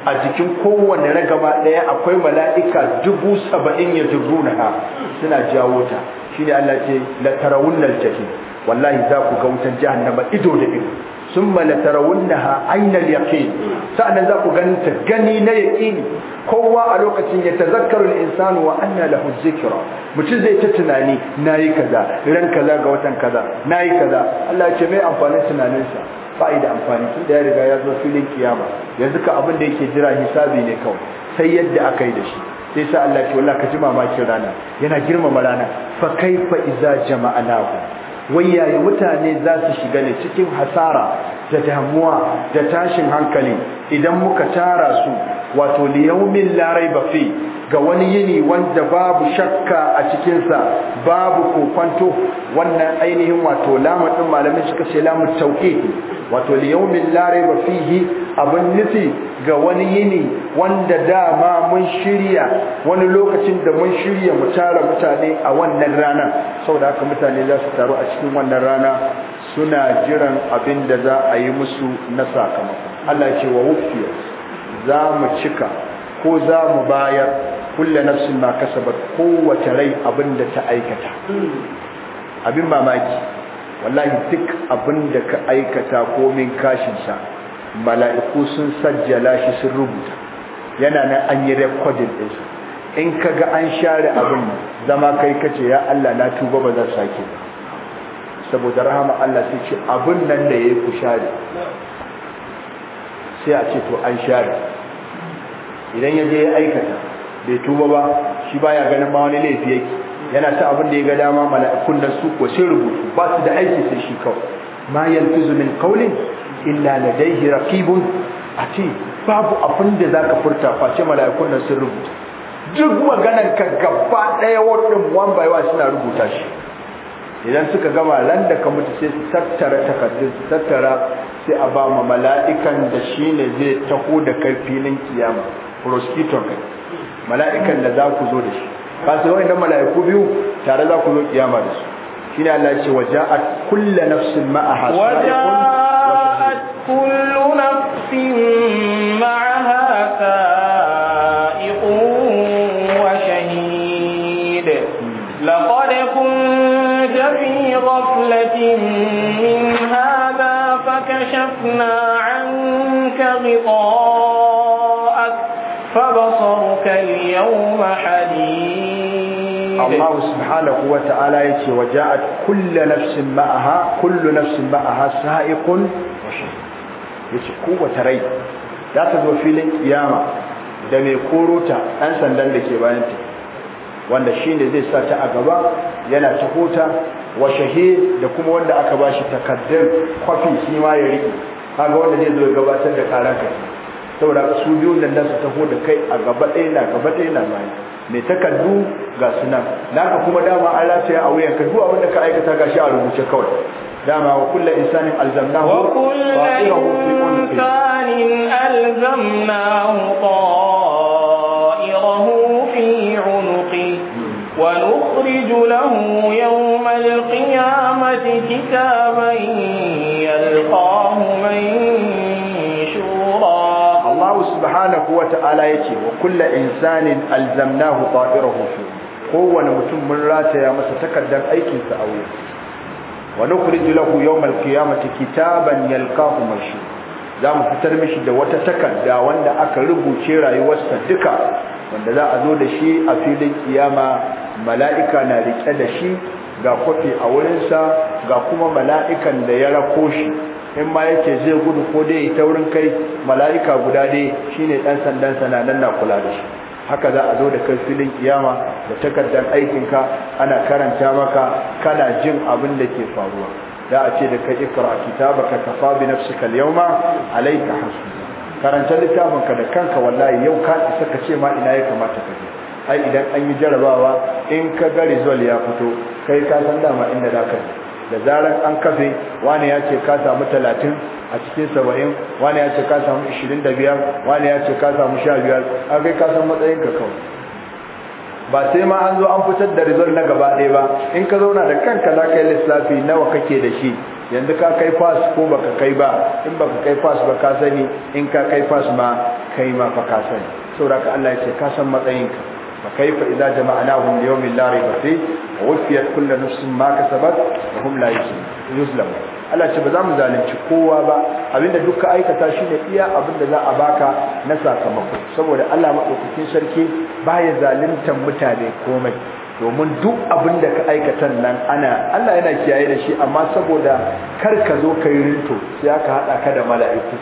Speaker 1: a jikin kowanne ragama ɗaya akwai mala'ika dubu saba'in ya jirguna suna jawo ta shi ne Allah ce la tarawunnal jahim wallahi za ku ga wutar jahannama ido da ido sun ha ainal yaqin sa'annan za ku ganta gani na yaqini kowa a lokacin ya tazakkaru al-insanu wa anna lahu dhikra mutum zai ta tunani nayi kaza ran kaza ga watan kaza nayi kaza Allah ya ce mai amfanin tunaninsa fa'ida amfani tun da ya riga ya zo filin kiyama yanzu ka abin da yake jira hisabi ne kawai sai yadda aka yi da shi sai sa Allah ya ce wallahi ka ji mamakin rana yana girmama rana fa kaifa iza jama'anahu wayaye mutane za su shiga ne cikin hasara da damuwa da tashin hankali idan muka tara su wato liyaumin larai bafi ga wani yini wanda babu shakka a cikinsa babu kofanto wannan ainihin wato lamun malamin suka ce lamun tauke wato liyaumin larai yi abin nufi ga wani yini wanda dama mun shirya wani lokacin da mun shirya mu tara mutane a wannan ranar saboda haka mutane za su taru a cikin wannan rana suna jiran abin da za a yi musu na sakamako Allah ce wa wufiya za mu cika ko za mu bayar kulle nafsin ma kasabat kowace rai abin da ta aikata abin mamaki wallahi duk abin da ka aikata komin kashinsa mala'iku sun sajjala shi sun rubuta yana nan an yi rekodin ɗinsa in ka ga an share abin zama kai kace ya Allah na tuba ba zan sake ba saboda rahama Allah sai ce abin nan da yayi ku share sai a ce to an share idan ya je ya aikata bai tuba ba shi baya ganin ma wani laifi yake yana ta abin da ya ga dama mala'ikun nan su ko sai rubutu ba su da aiki sai shi kawai ma yantuzu min qawlin illa ladayhi raqibun ati babu abin da zaka furta face mala'ikun nan sun rubuta duk maganar ka gaba ɗaya waɗin one by one suna rubuta shi idan suka gama ran da ka mutu sai su tattara takardun su tattara sai a ba ma mala'ikan da shi ne zai taho da kai filin kiyama prosecutor kai mala'ikan da za ku zo da shi kasu yau idan mala'iku biyu tare za ku zo kiyama da su shi ne Allah ce a kulle nafsin ma'aha
Speaker 2: waja'at kullu nafsin وكشفنا عنك غطاءك فبصرك اليوم
Speaker 1: حديد الله سبحانه وتعالى يتي وجاءت كل نفس معها كل نفس معها سائق yace kowace rai za ta zo filin kiyama da mai korota ɗan sandan da ke bayan ta wanda shine zai sa ta a gaba yana ta hota wa da kuma wanda aka bashi takardun kwafi shi ma ya riƙe kaga wanda zai zo ya gabatar da karan kai saboda ka su biyu nan su taho da kai a gaba ɗaya na gaba ɗaya na bayan mai takardu ga suna naka kuma dama an rataya a wuyan ka duk abin da ka aikata gashi a rubuce kawai dama wa kullu insanin alzamnahu wa kullu
Speaker 2: insanin alzamnahu ta'irahu fi 'unuqi wa nukhriju lahu yawma al-qiyamati
Speaker 1: kitaban subhanahu wa ta'ala ce wa kulla insanin alzamnahu ta'irahu fi kowane mutum mun rataya masa takardar aikinsa sa a wuya wa nukhriju lahu yawmal qiyamati kitaban yalqahu mashi za mu fitar mishi da wata takarda wanda aka rubuce rayuwarsa duka wanda za a zo da shi a filin kiyama mala'ika na rike da shi ga kwafi a wurinsa ga kuma mala'ikan da ya rako shi in ma yake zai gudu ko dai ta taurin kai mala'ika guda dai shine dan sandan sana nan na kula da shi haka za a zo da kai filin kiyama da takardar aikinka ana karanta maka kana jin abin da ke faruwa da a ce da kai ikra kitabaka kafa bi nafsika al-yawma alayka hasib karanta littafinka da kanka wallahi yau ka isa ka ce ma ina ya kamata ka je ai idan an yi jarabawa in ka ga result ya fito kai ka san dama inda za ka je da zarar an kafe wani ya ce ka samu talatin a cikin saba'in wani ya ce ka samu ishirin wani ya ce ka samu sha biyar an kai ka san matsayin ka kawai ba sai ma an zo an fitar da result na gaba ɗaya ba in ka zauna da kanka za ka yi lissafi nawa kake da shi yanzu ka kai fas ko baka kai ba in baka kai fas ba ka sani in ka kai fas ma kai ma fa ka sani saboda ka Allah ya ce ka san matsayinka فكيف إذا جمعناهم ليوم لا ريب فيه ووفيت كل نفس ما كسبت وهم لا يظلمون Allah ce ba za mu zalunci kowa ba Abin abinda duka aikata shine iya abin da za a baka na sakamako saboda Allah madaukakin sarki baya zaluntar mutane komai domin duk abin da ka aikatan nan ana Allah yana kiyaye da shi amma saboda kar ka zo ka yi rinto sai aka haɗa ka da mala'iku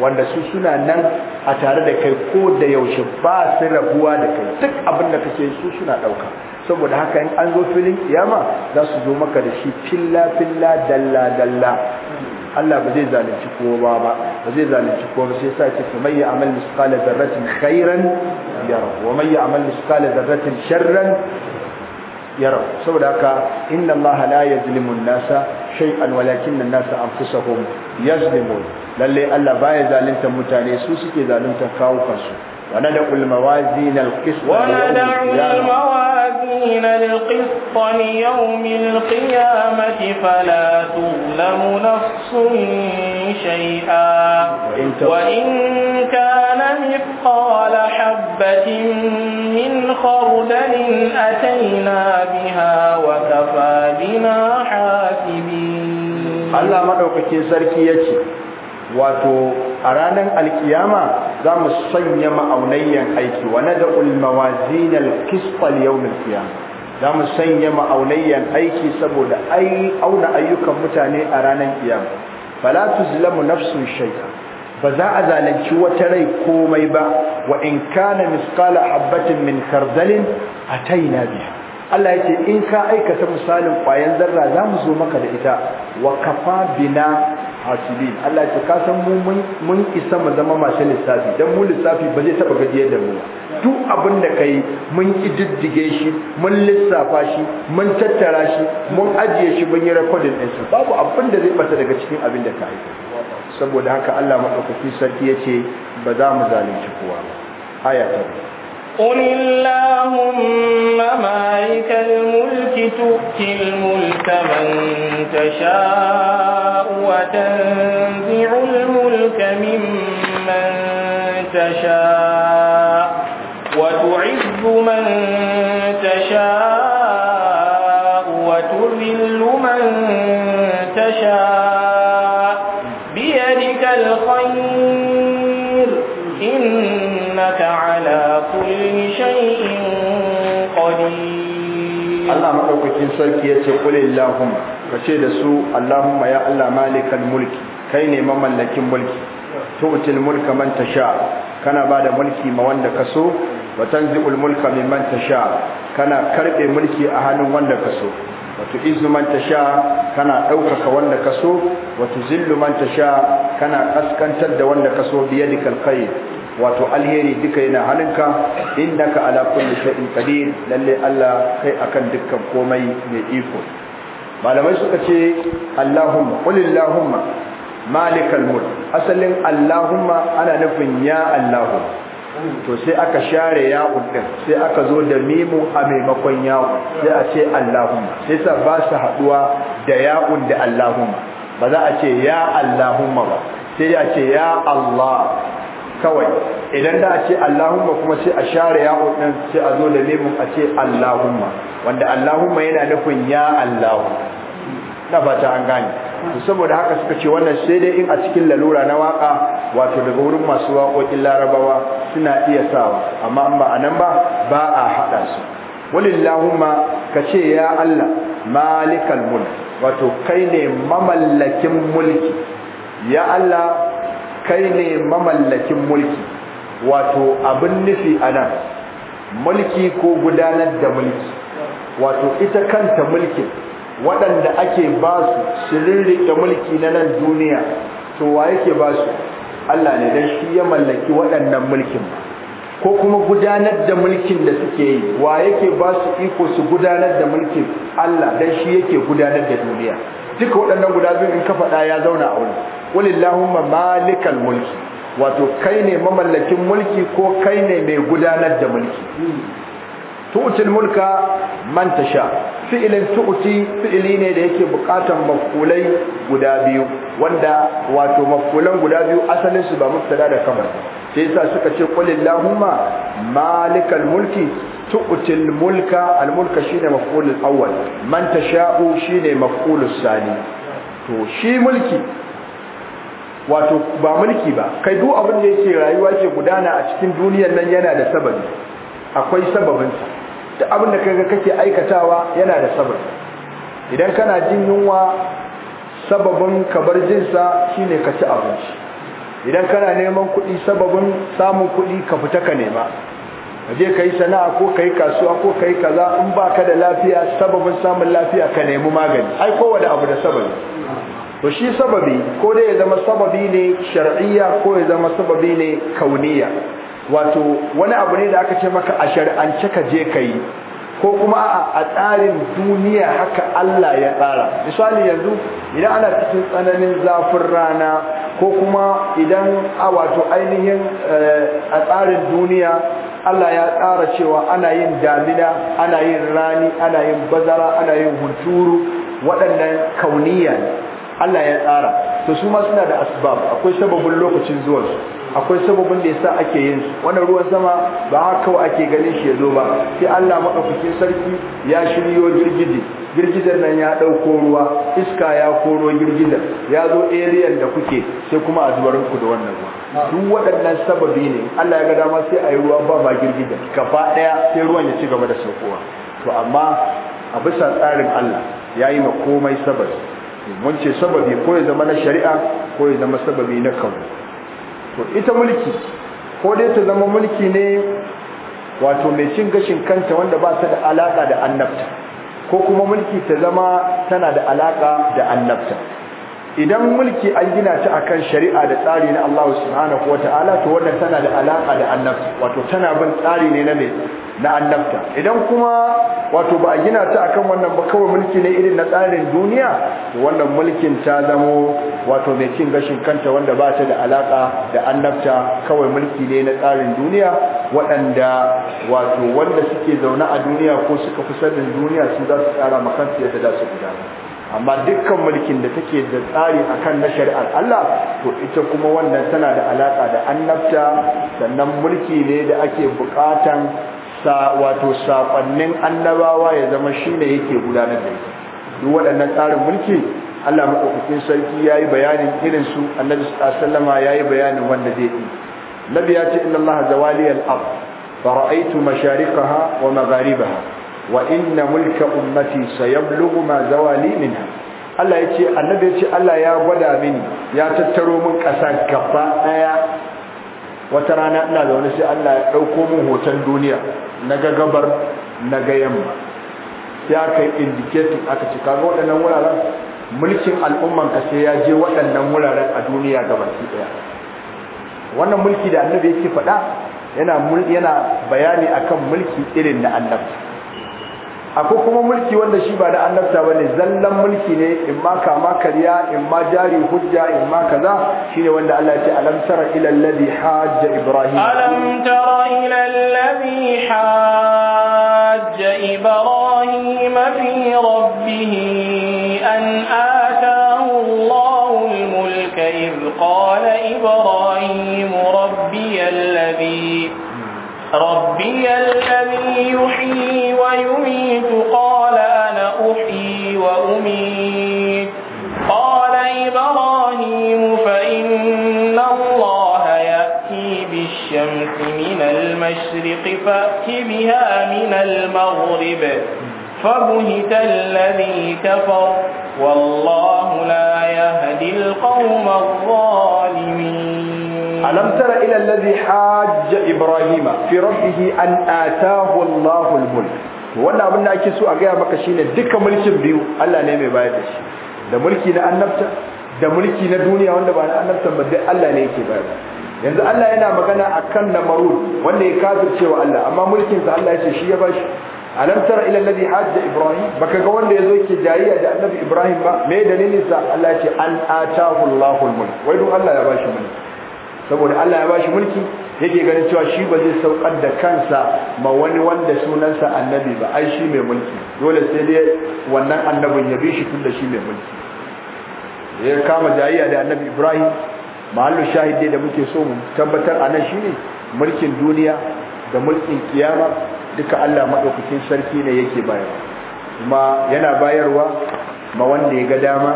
Speaker 1: wanda su suna nan a tare da kai ko da yaushe ba su rabuwa da kai duk abin da kake su suna dauka saboda haka in an zo filin kiyama za su zo maka da shi filla filla dalla dalla Allah ba zai zalunci kowa ba ba zai zalunci kowa ba sai sa ce fa may ya'mal misqala dharratin khairan yara wa ya amal misqala dharratin sharran ya saboda haka inna Allah la yazlimu an-nasa shay'an nasa an-nasa anfusahum yazlimun lalle Allah baya zalunta mutane su suke zalunta kawukansu. وندع الموازين القسط وندع
Speaker 2: الموازين ليوم القيامة فلا تظلم نفس شيئا وإن كان مثقال حبة من خردل أتينا بها وكفى بنا حاسبين
Speaker 1: الله مدعوك تنسركي يتي wato a ranar alkiyama za mu sanya ma'aunayyan aiki wa da mawazin al-qisfa yawm za mu sanya ma'aunayyan aiki saboda ai auna ayyukan mutane a ranar kiyama fala tuzlamu nafsun shay'a ba za a zalunci wata rai komai ba wa in kana miskala habatin min a ataina biya. Allah yake in ka aikata misalin ƙwayan zarra za mu zo maka da ita wa kafa bina hasibin Allah ce ka san mu mun isa mu zama masu lissafi dan mu lissafi ba zai taba gajiyar da mu duk abin da kai mun kididdige shi mun lissafa shi mun tattara shi mun ajiye shi mun yi recording din shi babu abin da zai bata daga cikin abin da ka yi saboda haka Allah madaukaki sarki yace ba za mu zalunci kowa ba aya
Speaker 2: قل اللهم مالك الملك تؤتي الملك من تشاء وتنزع الملك ممن تشاء وتعز من تشاء
Speaker 1: Allah maɗaukakin sarki ya ce kulillahum ka ce da su Allahumma ya Allah malikal mulki kai ne mamallakin mulki tu'til mulka man tasha kana bada mulki ma wanda ka so wa tanzi'ul mulka mimman tasha kana karbe mulki a hannun wanda ka so wa tu'izzu man tasha kana ɗaukaka wanda ka so wa tuzillu man tasha kana kaskantar da wanda ka so biyadikal khair wato alheri duka yana halinka innaka ala kulli shay'in qadir lalle Allah kai akan dukkan komai mai iko malamai suka ce Allahumma qul Allahumma malikal mulk asalin Allahumma ana nufin ya Allahu to sai aka share ya din sai aka zo da mimu a maimakon ya sai a ce Allahumma sai sa ba su haduwa da ya'un da Allahumma ba za a ce ya Allahumma ba sai a ce ya Allah kawai idan da a ce Allahumma kuma sai a share ya'un din sai a zo da lemun a ce Allahumma wanda Allahumma yana nufin ya Allahu na fata an gane saboda haka suka ce wannan sai dai in a cikin lalura na waka wato daga wurin masu waƙoƙin larabawa suna iya sawa amma an ba a ba ba a haɗa su walillahumma ka ce ya Allah malikal mulk wato kai ne mamallakin mulki ya Allah kai ne mamallakin mulki wato abin nufi a mulki ko gudanar da mulki wato ita kanta mulki waɗanda ake ba su da mulki na nan duniya to wa yake ba su Allah ne dan shi ya mallaki waɗannan mulkin ko kuma gudanar da mulkin da suke yi wa yake ba su iko su gudanar da mulkin Allah dan shi yake gudanar da duniya duka waɗannan guda biyu in ka faɗa ya zauna a wurin qulillahumma malikal mulki wato kai ne mamallakin mulki ko kai ne mai gudanar da mulki tu'til mulka man tasha fi'ilin tu'ti fi'ili ne da yake bukatan mafkulai guda biyu wanda wato mafkulan guda biyu asalin su ba mubtada da kamar sai yasa suka ce qulillahumma malikal mulki tu'til mulka al mulka shine maf'ulul awwal man tasha'u shine maf'ulus sani to shi mulki wato ba mulki ba kai duk abin da yake rayuwa ke gudana a cikin duniyar nan yana da sababi akwai sababinsa duk abin da kaga kake aikatawa yana da sababi idan kana jin yunwa sababin kabar jinsa shine ka ci abinci idan kana neman kuɗi sababin samun kuɗi ka fita ka nema ka je sana'a ko ka kasuwa ko ka kaza in baka da lafiya sababin samun lafiya ka nemi magani ai kowane abu da sababi to shi sababi ko dai ya zama sababi ne shar'iyya ko ya zama sababi ne kauniya wato wani abu ne da aka ce maka a shar'ance ka je ka yi ko kuma a tsarin duniya haka Allah ya tsara misali yanzu idan ana cikin tsananin zafin rana ko kuma idan a wato ainihin eh, a tsarin duniya Allah ya tsara cewa ana yin damina ana yin rani ana yin bazara ana yin hunturu waɗannan kauniya Allah ya tsara to su ma suna da asbab akwai sababin lokacin zuwan su akwai sababin da yasa ake yin su wannan ruwan sama ba haka kawai ake ganin shi yazo ba sai Allah madaukakin sarki ya shiryo girgije girgizar nan ya dauko ruwa iska ya koro girgizar ya zo area da kuke sai kuma a zuwar ku da wannan ruwa duk waɗannan sababi ne Allah ya ga dama sai ayi ruwa ba ba girgizar kafa daya sai ruwan ya ci gaba da saukowa to amma a bisa tsarin Allah yayi ma komai sababi mun ce sababi ko ya zama na shari'a ko ya zama sababi na kawo to ita mulki ko dai ta zama mulki ne wato mai cin gashin kanta wanda ba ta da alaka da annabta ko kuma mulki ta zama tana da alaka da annabta idan mulki an gina ta akan shari'a da tsari na Allah subhanahu wataala to wannan tana da alaka da annabta wato tana bin tsari ne na mai na annabta idan kuma wato ba a gina ta akan wannan ba kawai mulki ne irin na tsarin duniya wannan mulkin ta zamo wato mai cin gashin kanta wanda ba ta da alaka da annabta kawai mulki ne na tsarin duniya waɗanda wato wanda suke zaune a duniya ko suka fi sanin duniya su za su tsara makansu yadda za su gudana amma dukkan mulkin da take da tsari akan na shari'ar Allah to ita kuma wannan tana da alaka da annabta sannan mulki ne da ake bukatan wato sakonnin annabawa ya zama shine yake gudanar da ita duk waɗannan tsarin mulki Allah maɗaukakin sarki yayi bayanin irin su Annabi ya yayi bayanin wanda zai yi Nabi ya ce inna Allah zawali al-ard fa ra'aytu mashariqaha wa magharibaha wa inna mulka ummati sayablughu ma zawali minha Allah ya ce Annabi ya ce Allah ya gwada mini ya tattaro min ƙasa gaba ɗaya. wata rana ina da wani sai Allah ya ɗauko min hoton duniya na ga gabar na ga yamma sai aka yi indicating aka ci kaga waɗannan wuraren mulkin al'umman ka sai ya je waɗannan wuraren a duniya gabaki ɗaya wannan mulki da annabi yake faɗa yana yana bayani akan mulki irin na annabi akwai kuma mulki wanda shi ba da annabta bane zallan mulki ne in ma kama kariya in ma jari hujja in ma kaza shine wanda Allah ya ce alam tara ila alladhi hajja ibrahim alam
Speaker 2: tara ila alladhi hajja ibrahim fi rabbih an ataahu Allah almulka mulka id qala ibrahim rabbi alladhi ربي الذي يحيي ويميت قال أنا أحيي وأميت قال إبراهيم فإن الله يأتي بالشمس من المشرق فأت بها من المغرب فبهت الذي كفر والله لا يهدي
Speaker 1: alam tara ila allazi hajja ibrahima fi rabbihi an ataahu Allahu al wannan abin da ake so a gaya maka shine duka mulkin biyu Allah ne mai bayar da shi da mulki na annabta da mulki na duniya wanda ba na annabta ba dai Allah ne yake bayar yanzu Allah yana magana akan namarud wanda ya kafirce wa Allah amma mulkin sa Allah ya ce shi ya bashi alam tara ila alladhi hajja ibrahim baka ga wanda yazo yake jariya da annabi ibrahim ba me dalilin sa Allah ya ce an atahu Allahu mulk wai duk Allah ya bashi mulki saboda Allah ya bashi mulki yake ganin cewa shi ba zai saukar da kansa ma wani wanda sunansa annabi ba ai shi mai mulki dole sai dai wannan annabin ya bi shi tunda shi mai mulki ya kama jayya da annabi Ibrahim mahallu shahid da muke so mu tabbatar anan shine mulkin duniya da mulkin kiyama duka Allah madaukakin sarki ne yake bayarwa kuma yana bayarwa ma wanda ya ga dama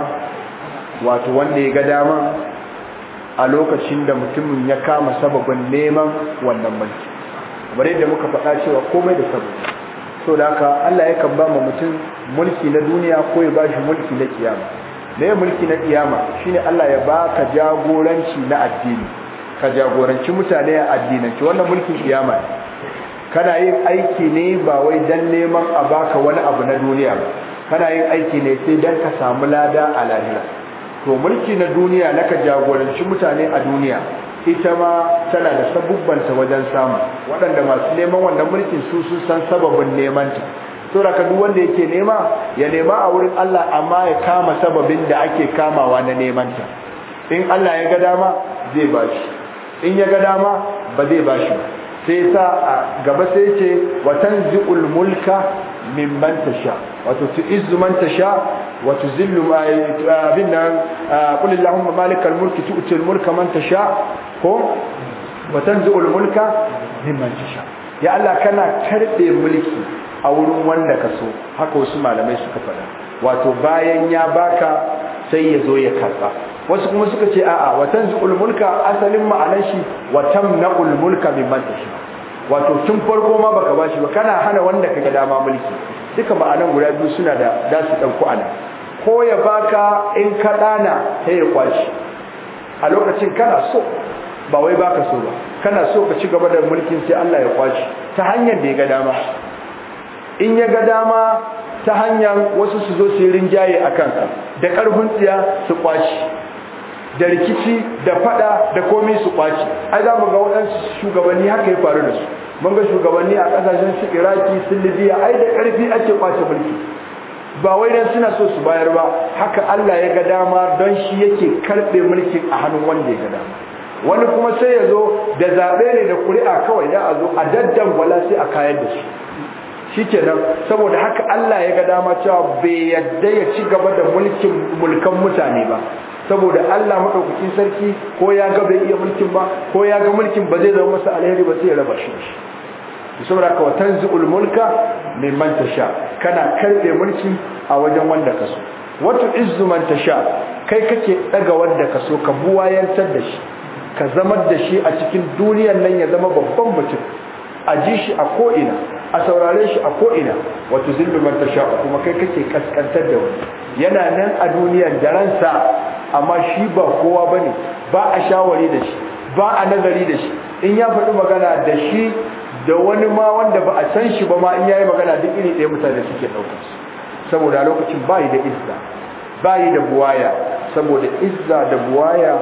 Speaker 1: wato wanda ya ga dama a lokacin da mutumin ya kama sababin neman wannan mulki bare da muka faɗa cewa komai da sababi so da haka Allah yakan ba mu mutum mulki na duniya ko ya ba shi mulki na kiyama me mulki na kiyama shine Allah ya baka jagoranci na addini ka jagoranci mutane a addinanci wannan mulkin kiyama ne kana yin aiki ne ba wai dan neman a baka wani abu na duniya kana yin aiki ne sai dan ka samu lada a lahira to mulki na duniya naka jagoranci mutane a duniya ita ma tana da ta wajen samu waɗanda masu neman wannan mulkin su sun san sababin neman ta to raka duk wanda yake nema ya nema a wurin Allah amma ya kama sababin da ake kamawa na neman ta in Allah ya ga dama zai bashi in ya ga dama ba zai bashi ba sai sa a gaba sai ce watan mulka mimman tasha wato tu'izzu man tasha wa tuzillu abin nan ah, qul allahumma malikal mulki tu'ti al mulka man tasha ko wa tanzu al mulka mimman tasha ya Allah kana karbe mulki a wurin wanda ka so haka wasu malamai suka faɗa wato bayan ya baka sai ya zo ya karba wasu kuma suka ce a'a wa tanzu al mulka asalin ma'anar shi wa tamna'ul mulka mimman tasha wato tun farko ma baka bashi ba kana hana wanda kake dama mulki duka ma'anan guda biyu suna da da su dauko ana ko ya baka in ka dana sai ya kwashi a lokacin kana so ba wai baka so ba kana so ka ci gaba da mulkin sai Allah ya kwashi ta hanyar da ya ga dama in ya ga dama ta hanyar wasu su zo su yi rinjaye akan kanka da ƙarfin tsiya su kwashi da rikici da fada da komai su kwaci ai za mu ga waɗansu shugabanni haka ya faru da su mun ga shugabanni a ƙasashen su iraki su libya ai da ƙarfi ake kwace mulki ba wai dan suna so su bayar ba haka allah ya ga dama don shi yake karɓe mulkin a hannun wanda ya ga dama wani kuma sai ya zo da zaɓe ne da kuri'a kawai da a zo a daddan wala sai a kayan da su shikenan saboda haka Allah ya ga dama cewa bai yadda ya ci gaba da mulkin mulkan mutane ba saboda Allah madaukakin sarki ko ya ga bai iya mulkin ba ko ya ga mulkin ba zai zama masa alheri ba sai ya raba shi saboda ka watan zuul mulka mimman tasha kana karbe mulki a wajen wanda ka so wato izzu man tasha kai kake daga wanda ka so ka buwayantar da shi ka zamar da shi a cikin duniyar nan ya zama babban mutum a ji shi a ko'ina a saurare shi a ko'ina wato zillu man tasha kuma kai kake kaskantar da wani yana nan a duniyar da amma shi ba kowa bane ba a shawari da shi ba a nazari da shi in ya faɗi magana da shi da wani ma wanda ba a san shi ba ma in ya yi magana duk iri ɗaya mutane suke ɗaukar saboda lokacin bayi da izza bayi da buwaya saboda izza da buwaya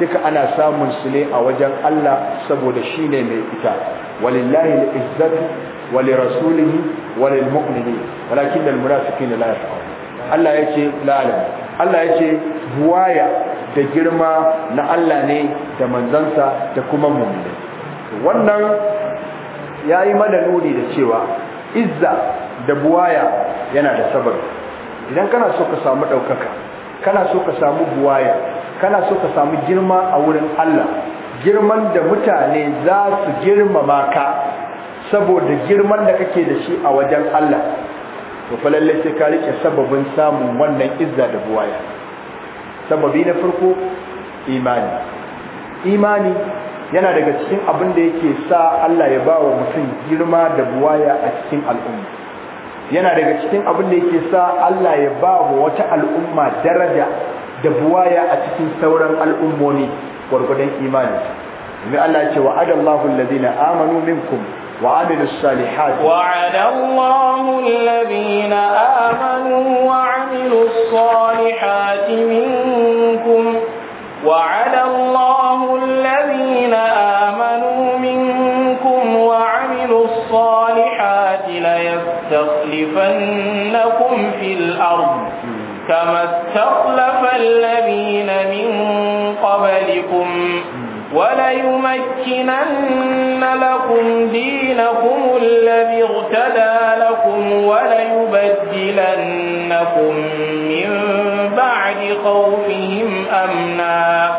Speaker 1: duka ana samun su ne a wajen Allah saboda shi ne mai ita walillahi al-izzatu wa li rasulihi wa lil mu'minin walakin al-munafiqina la yafqahun Allah yake la Allah ya ce buwaya da girma na Allah ne da manzansa da kuma mummuni wannan ya yi mana nuni da cewa izza da buwaya yana da sababi idan kana so ka samu ɗaukaka kana so ka samu buwaya kana so ka samu girma a wurin Allah girman da mutane za su girmama ka saboda girman da kake da shi a wajen Allah to fa sai ka rike sababin samun wannan izza da buwaya sababi na farko imani imani yana daga cikin abin da yake sa Allah ya bawa mutum girma da buwaya a cikin al'umma yana daga cikin abin da yake sa Allah ya bawa wata al'umma daraja da buwaya a cikin sauran al'ummomi gwargwadon imani Allah ya ce wa adallahu allazina amanu minkum وعملوا الصالحات وعد
Speaker 2: الله الذين آمنوا وعملوا الصالحات منكم وعد الله الذين آمنوا منكم وعملوا الصالحات ليستخلفنكم في الأرض كما استخلف الذين من قبلكم وليمكنن لكم دينكم الذي ارتدى لكم وليبدلنكم من بعد خوفهم أمنا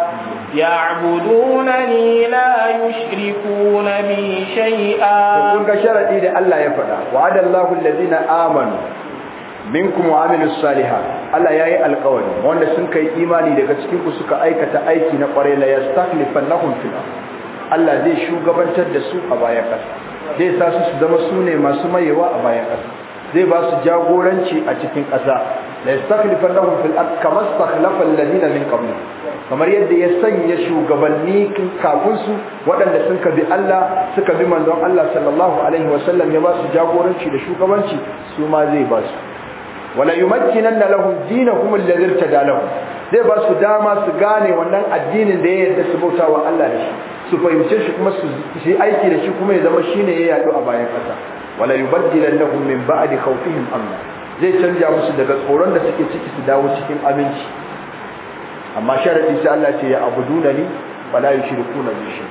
Speaker 2: يعبدونني لا
Speaker 1: يشركون بي شيئا وكل شرط إذا الله يفعل وعد الله الذين آمنوا منكم وعملوا الصالحات Allah ya yi alkawari wanda sun kai imani daga cikinku suka aikata aiki na ƙwarai la ya staklifan na hunfina. Allah zai shugabantar da su a bayan ƙasa zai sa su su zama su ne masu mayewa a bayan ƙasa zai ba su jagoranci a cikin ƙasa la ya staklifan na hunfina kamar staklafan lalina min kamar kamar yadda ya sanya shugabanni kafin su, waɗanda sun bi Allah suka bi manzon Allah sallallahu alaihi wasallam ya ba su jagoranci da shugabanci su ma zai ba su wala yumakkinanna lahum dinahum alladhi tadalahu zai ba su dama su gane wannan addinin da ya yarda su bauta wa Allah da shi su fahimce shi kuma su yi aiki da shi kuma ya zama shine ya yaɗu a bayan kasa wala yubaddilannahum min ba'di khawfihim amna zai canja musu daga tsoron da suke ciki su dawo cikin aminci amma sharadi sai Allah ce ya abuduna ni wala yushrikuna bi shi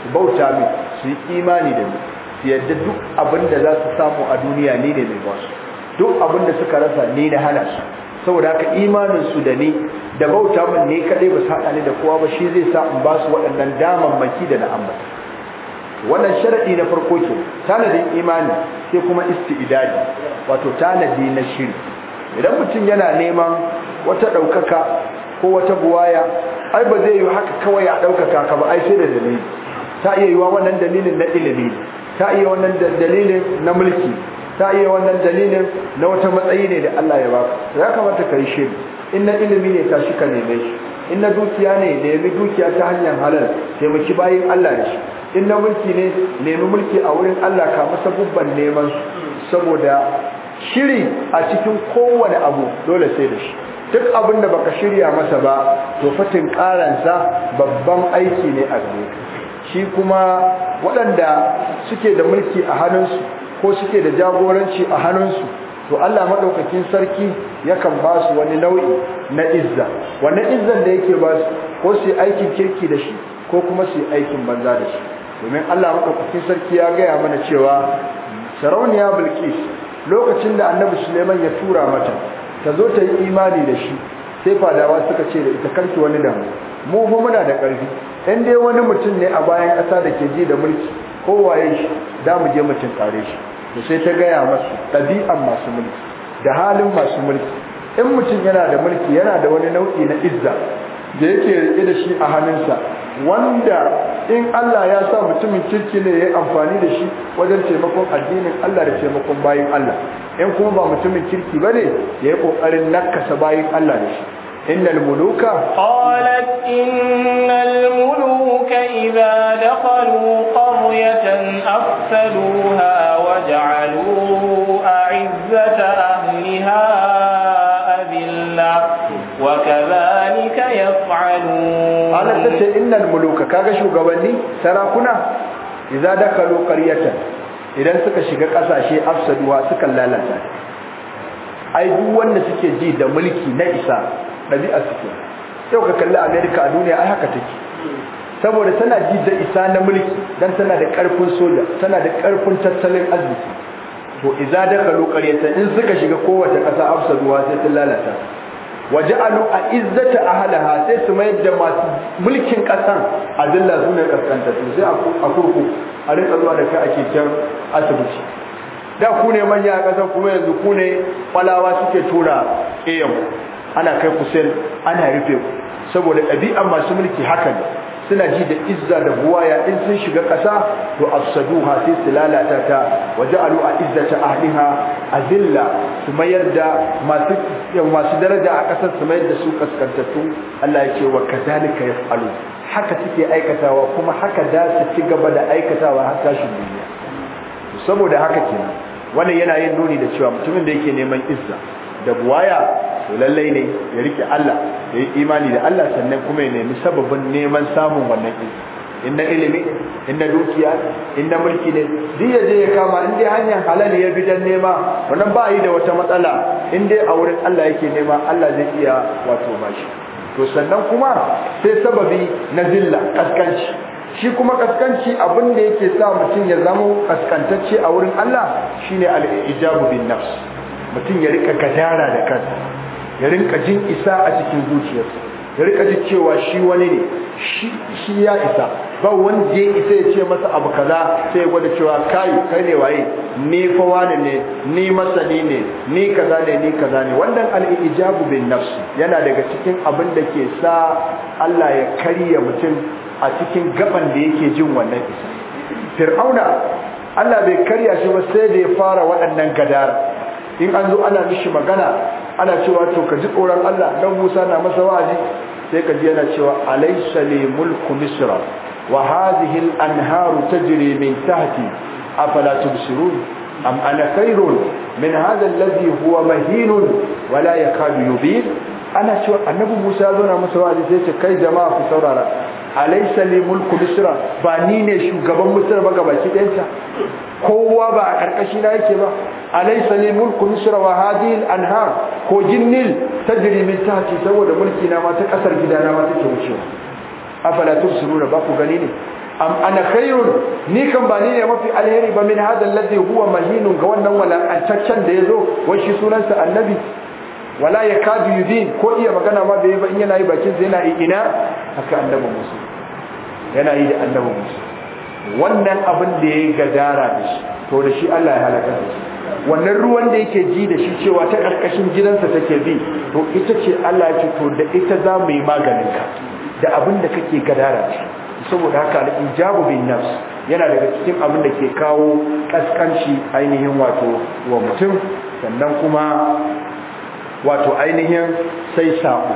Speaker 1: su bauta min su yi imani da ni su yarda duk abin da za su samu a duniya ne ne mai basu duk abin da suka rasa ne na hana su saboda haka imanin su da ni da bauta min ne kadai ba sa da kowa ba shi zai sa in ba su waɗannan maki da na ambata wannan sharadi na farko ke tanadin imani sai kuma isti'dadi wato tanadi na shiri idan mutum yana neman wata daukaka ko wata buwaya ai ba zai yi haka kawai ya daukaka ka ba ai sai da dalili ta iya yiwa wannan dalilin na ilimi ta iya wannan dalilin na mulki ta iya wannan dalilin na wata matsayi ne da Allah ya baka ya kamata ka yi shiri Inna na ilimi ne ta ka neme shi Inna dukiya ne nemi dukiya ta hanyar halal taimaki bayin Allah da shi Inna mulki ne nemi mulki a wurin Allah ka masa gubban neman saboda shiri a cikin kowane abu dole sai da shi duk abin da baka shirya masa ba to fatin karansa babban aiki ne a gare shi kuma waɗanda suke da mulki a hannunsu ko suke da jagoranci a hannunsu to Allah madaukakin sarki yakan ba su wani nau'i na izza wannan izzan da yake ba su ko su aikin kirki da shi ko kuma su aikin banza da shi domin Allah madaukakin sarki ya gaya mana cewa sarauniya Bilqis lokacin da Annabi Suleiman ya tura mata ta zo ta yi imani da shi sai fadawa suka ce da ita kanki wani damu mu fa muna da ƙarfi in dai wani mutum ne a bayan ƙasa da ke ji da mulki kowaye shi da mu je mutum tsare shi to sai ta gaya masu ɗabi'an masu mulki da halin masu mulki in mutum yana da mulki yana da wani nau'i na izza da yake riƙe da shi a hannunsa wanda in Allah ya sa mutumin kirki ne ya amfani da shi wajen taimakon addinin Allah da taimakon bayin Allah in kuma ba mutumin kirki bane ya yi ƙoƙarin nakasa bayin Allah da shi innal muluka
Speaker 2: qalat innal muluka idza dakhalu qaryatan afsaduha wa ja'alu
Speaker 1: muluka kaga shugabanni sarakuna idza dakhalu qaryatan idan suka shiga kasashe afsaduha suka lalata ai duk wanda suke ji da mulki na isa ɗabi'a suke yau ka kalli america a duniya ai haka take saboda tana ji da isa na mulki dan tana da ƙarfin soja tana da ƙarfin tattalin arziki to idza dakalu qaryatan in suka shiga kowace ƙasa afsaduwa sai ta lalata Waje a izzata ahlaha sai su mayar da masu mulkin ƙasan azilla zuwa ne kaskanta to sai a kurku a rinka zuwa da kai a keken asibiti da ku ne manya a ƙasar kuma yanzu ku ne ɓalawa suke tura eyan ana kai ku ana rufe ku saboda ɗabi'an masu mulki haka suna ji da izza da buwaya in sun shiga ƙasa to a ha sai su lalata ta waje alu a ta ahliha zilla su mayar da masu daraja a ƙasar su mayar da su kaskantattu Allah ya ce wa ya yafalu haka suke aikatawa kuma haka da su ci gaba da aikatawa har tashin duniya saboda haka kenan wannan yana yin nuni da cewa mutumin da yake neman izza da buwaya to lallai ne ya rike Allah ya yi imani da Allah sannan kuma ya nemi sababin neman samun wannan izza inna ilimi in dukiya in mulki ne duk ya je ya kama in dai hanyar halal ya bi dan nema wannan ba yi da wata matsala in a wurin Allah yake nema Allah zai iya wato bashi to sannan kuma sai sababi na zilla kaskanci shi kuma kaskanci abin da yake sa mutum ya zama kaskantacce a wurin Allah shine al-ijabu bin nafs mutum ya rika gadara da kansa ya rinka jin isa a cikin zuciyarsa ya rika ji cewa shi wani ne shi ya isa ba wanda ya isa ya ce masa abu kaza sai ya gwada cewa kai kai ne waye ni fa wani ne ni masani ne ni kaza ne ni kaza ne wannan al-ijabu bin nafs yana daga cikin abin da ke sa Allah ya karya mutum a cikin gaban da yake jin wannan isa fir'auna Allah bai karya shi ba sai da ya fara waɗannan gada. in an zo ana mishi magana ana cewa to ka ji tsoron Allah dan Musa na masa wa'azi sai ka ji yana cewa alaysa li mulku misra wa hadhihi al-anharu tajri min tahti afala tubsirun am ana khairun min hadha alladhi huwa mahin wa la yakadu yubin ana cewa annabi Musa zo na masa wa'azi sai ce kai jama'a ku saurara Alaisa li mulku misra ba ni ne shugaban misra ba gabaki ɗayansa kowa ba a karkashi na yake ba Alaisa li mulku misra wa hadhihi anhar ko jinnil tajri ta ce saboda mulki na ma ta kasar gidana ma ke wucewa afala nuna ba ku gani ne am ana khairun ni kan ba ni ne mafi alheri ba min hadha alladhi huwa mahinun ga wannan wala da yazo wai shi sunansa annabi wala ya kadu yudin ko iya magana ma bai ba in yana yi bakin sa yana ina haka annabi Musu. yana yi da annabi Musu. wannan abin da yayi gadara da shi to da shi Allah ya halaka shi wannan ruwan da yake ji da shi cewa ta karkashin gidansa take bi to ita ce Allah ya ce to da ita za mu yi maganin ka da abin da kake gadara saboda haka al-ijabu bin nafs yana daga cikin abin da ke kawo kaskanci ainihin wato wa mutum sannan kuma wato ainihin sai sabo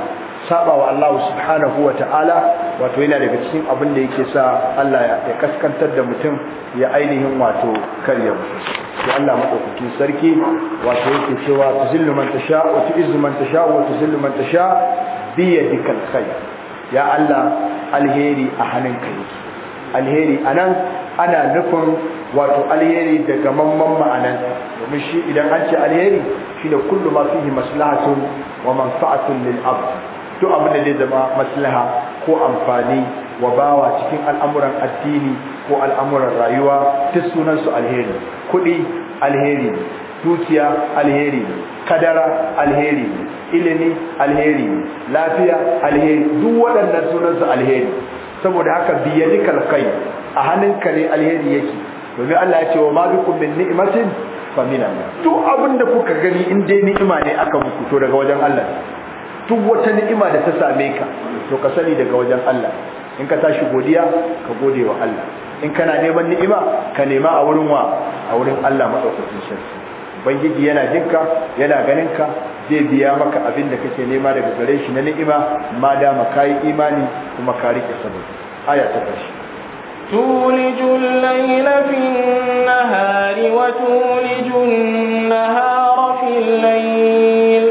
Speaker 1: saba wa Allah subhanahu wa ta'ala wato yana daga cikin abin da yake sa Allah ya kaskantar da mutum ya ainihin wato karya mutum to Allah madaukakin sarki wato yake cewa tuzillu man tasha wa tu'izzu man tasha wa tuzillu man tasha bi yadikal khair ya Allah alheri a hannunka yake alheri a nan ana nufin wato alheri da mamman ma'anan domin shi idan an ce alheri shine kullu ma yi maslahatun wa manfa'atun lil abd to abin da zai zama maslaha ko amfani wa bawa cikin al'amuran addini ko al'amuran rayuwa duk sunan su alheri kuɗi alheri dukiya alheri kadara alheri ilimi alheri lafiya alheri duk waɗannan sunansu alheri saboda haka biyadikal kai a hannunka ne alheri yake domin Allah ya ce wa ma bikum min ni'matin fa min Allah abin da kuka gani in dai ni'ima ne aka muku to daga wajen Allah duk wata ni'ima da ta same ka to ka sani daga wajen Allah in ka tashi godiya ka gode wa Allah in kana neman ni'ima ka nema a wurin wa a wurin Allah madaukakin sarki ubangiji yana jinka yana ganin ka, zai biya maka abin da kake nema daga gare shi na ni'ima ma da maka yi imani kuma ka rike saboda aya ta karshe tuliju
Speaker 2: layla fi nahari wa tuliju nahara fi layl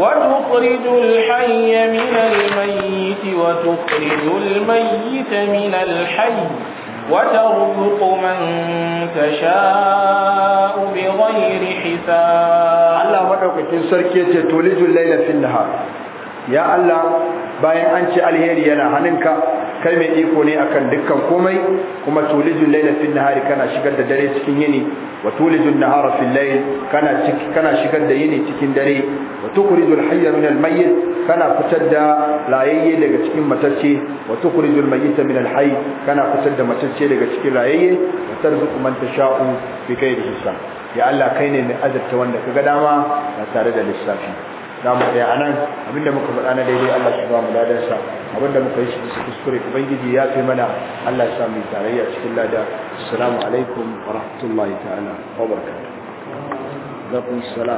Speaker 2: wa tukhriju al-hayya min al-mayyit wa tukhriju al-mayyita min al وترزق من تشاء بغير حساب
Speaker 1: الله مدوكتين سركي تولج الليل في النهار ya Allah bayan an ce alheri yana hannunka kai mai iko ne akan dukkan komai kuma tulijul laila fil nahari kana shigar da dare cikin yini wa tulijul nahara fil layl kana kana shigar da yini cikin dare wa tukhrijul hayya min al mayyit kana fitar da layayye daga cikin matacce wa tukhrijul mayyita min al hayy kana fitar da matacce daga cikin layayye wa tarzuqu man tasha'u bi kaidi hisab ya Allah kai ne mai azabta wanda kaga dama ba tare da lissafi zamu mu tsaya a nan abinda muka faɗa na daidai Allah shi ba mu abin abinda muka yi shi su kuskure ubangiji ya fi mana Allah ya sa mu tarayya cikin lada assalamu alaikum wa rahmatullahi ta'ala wa barakatuh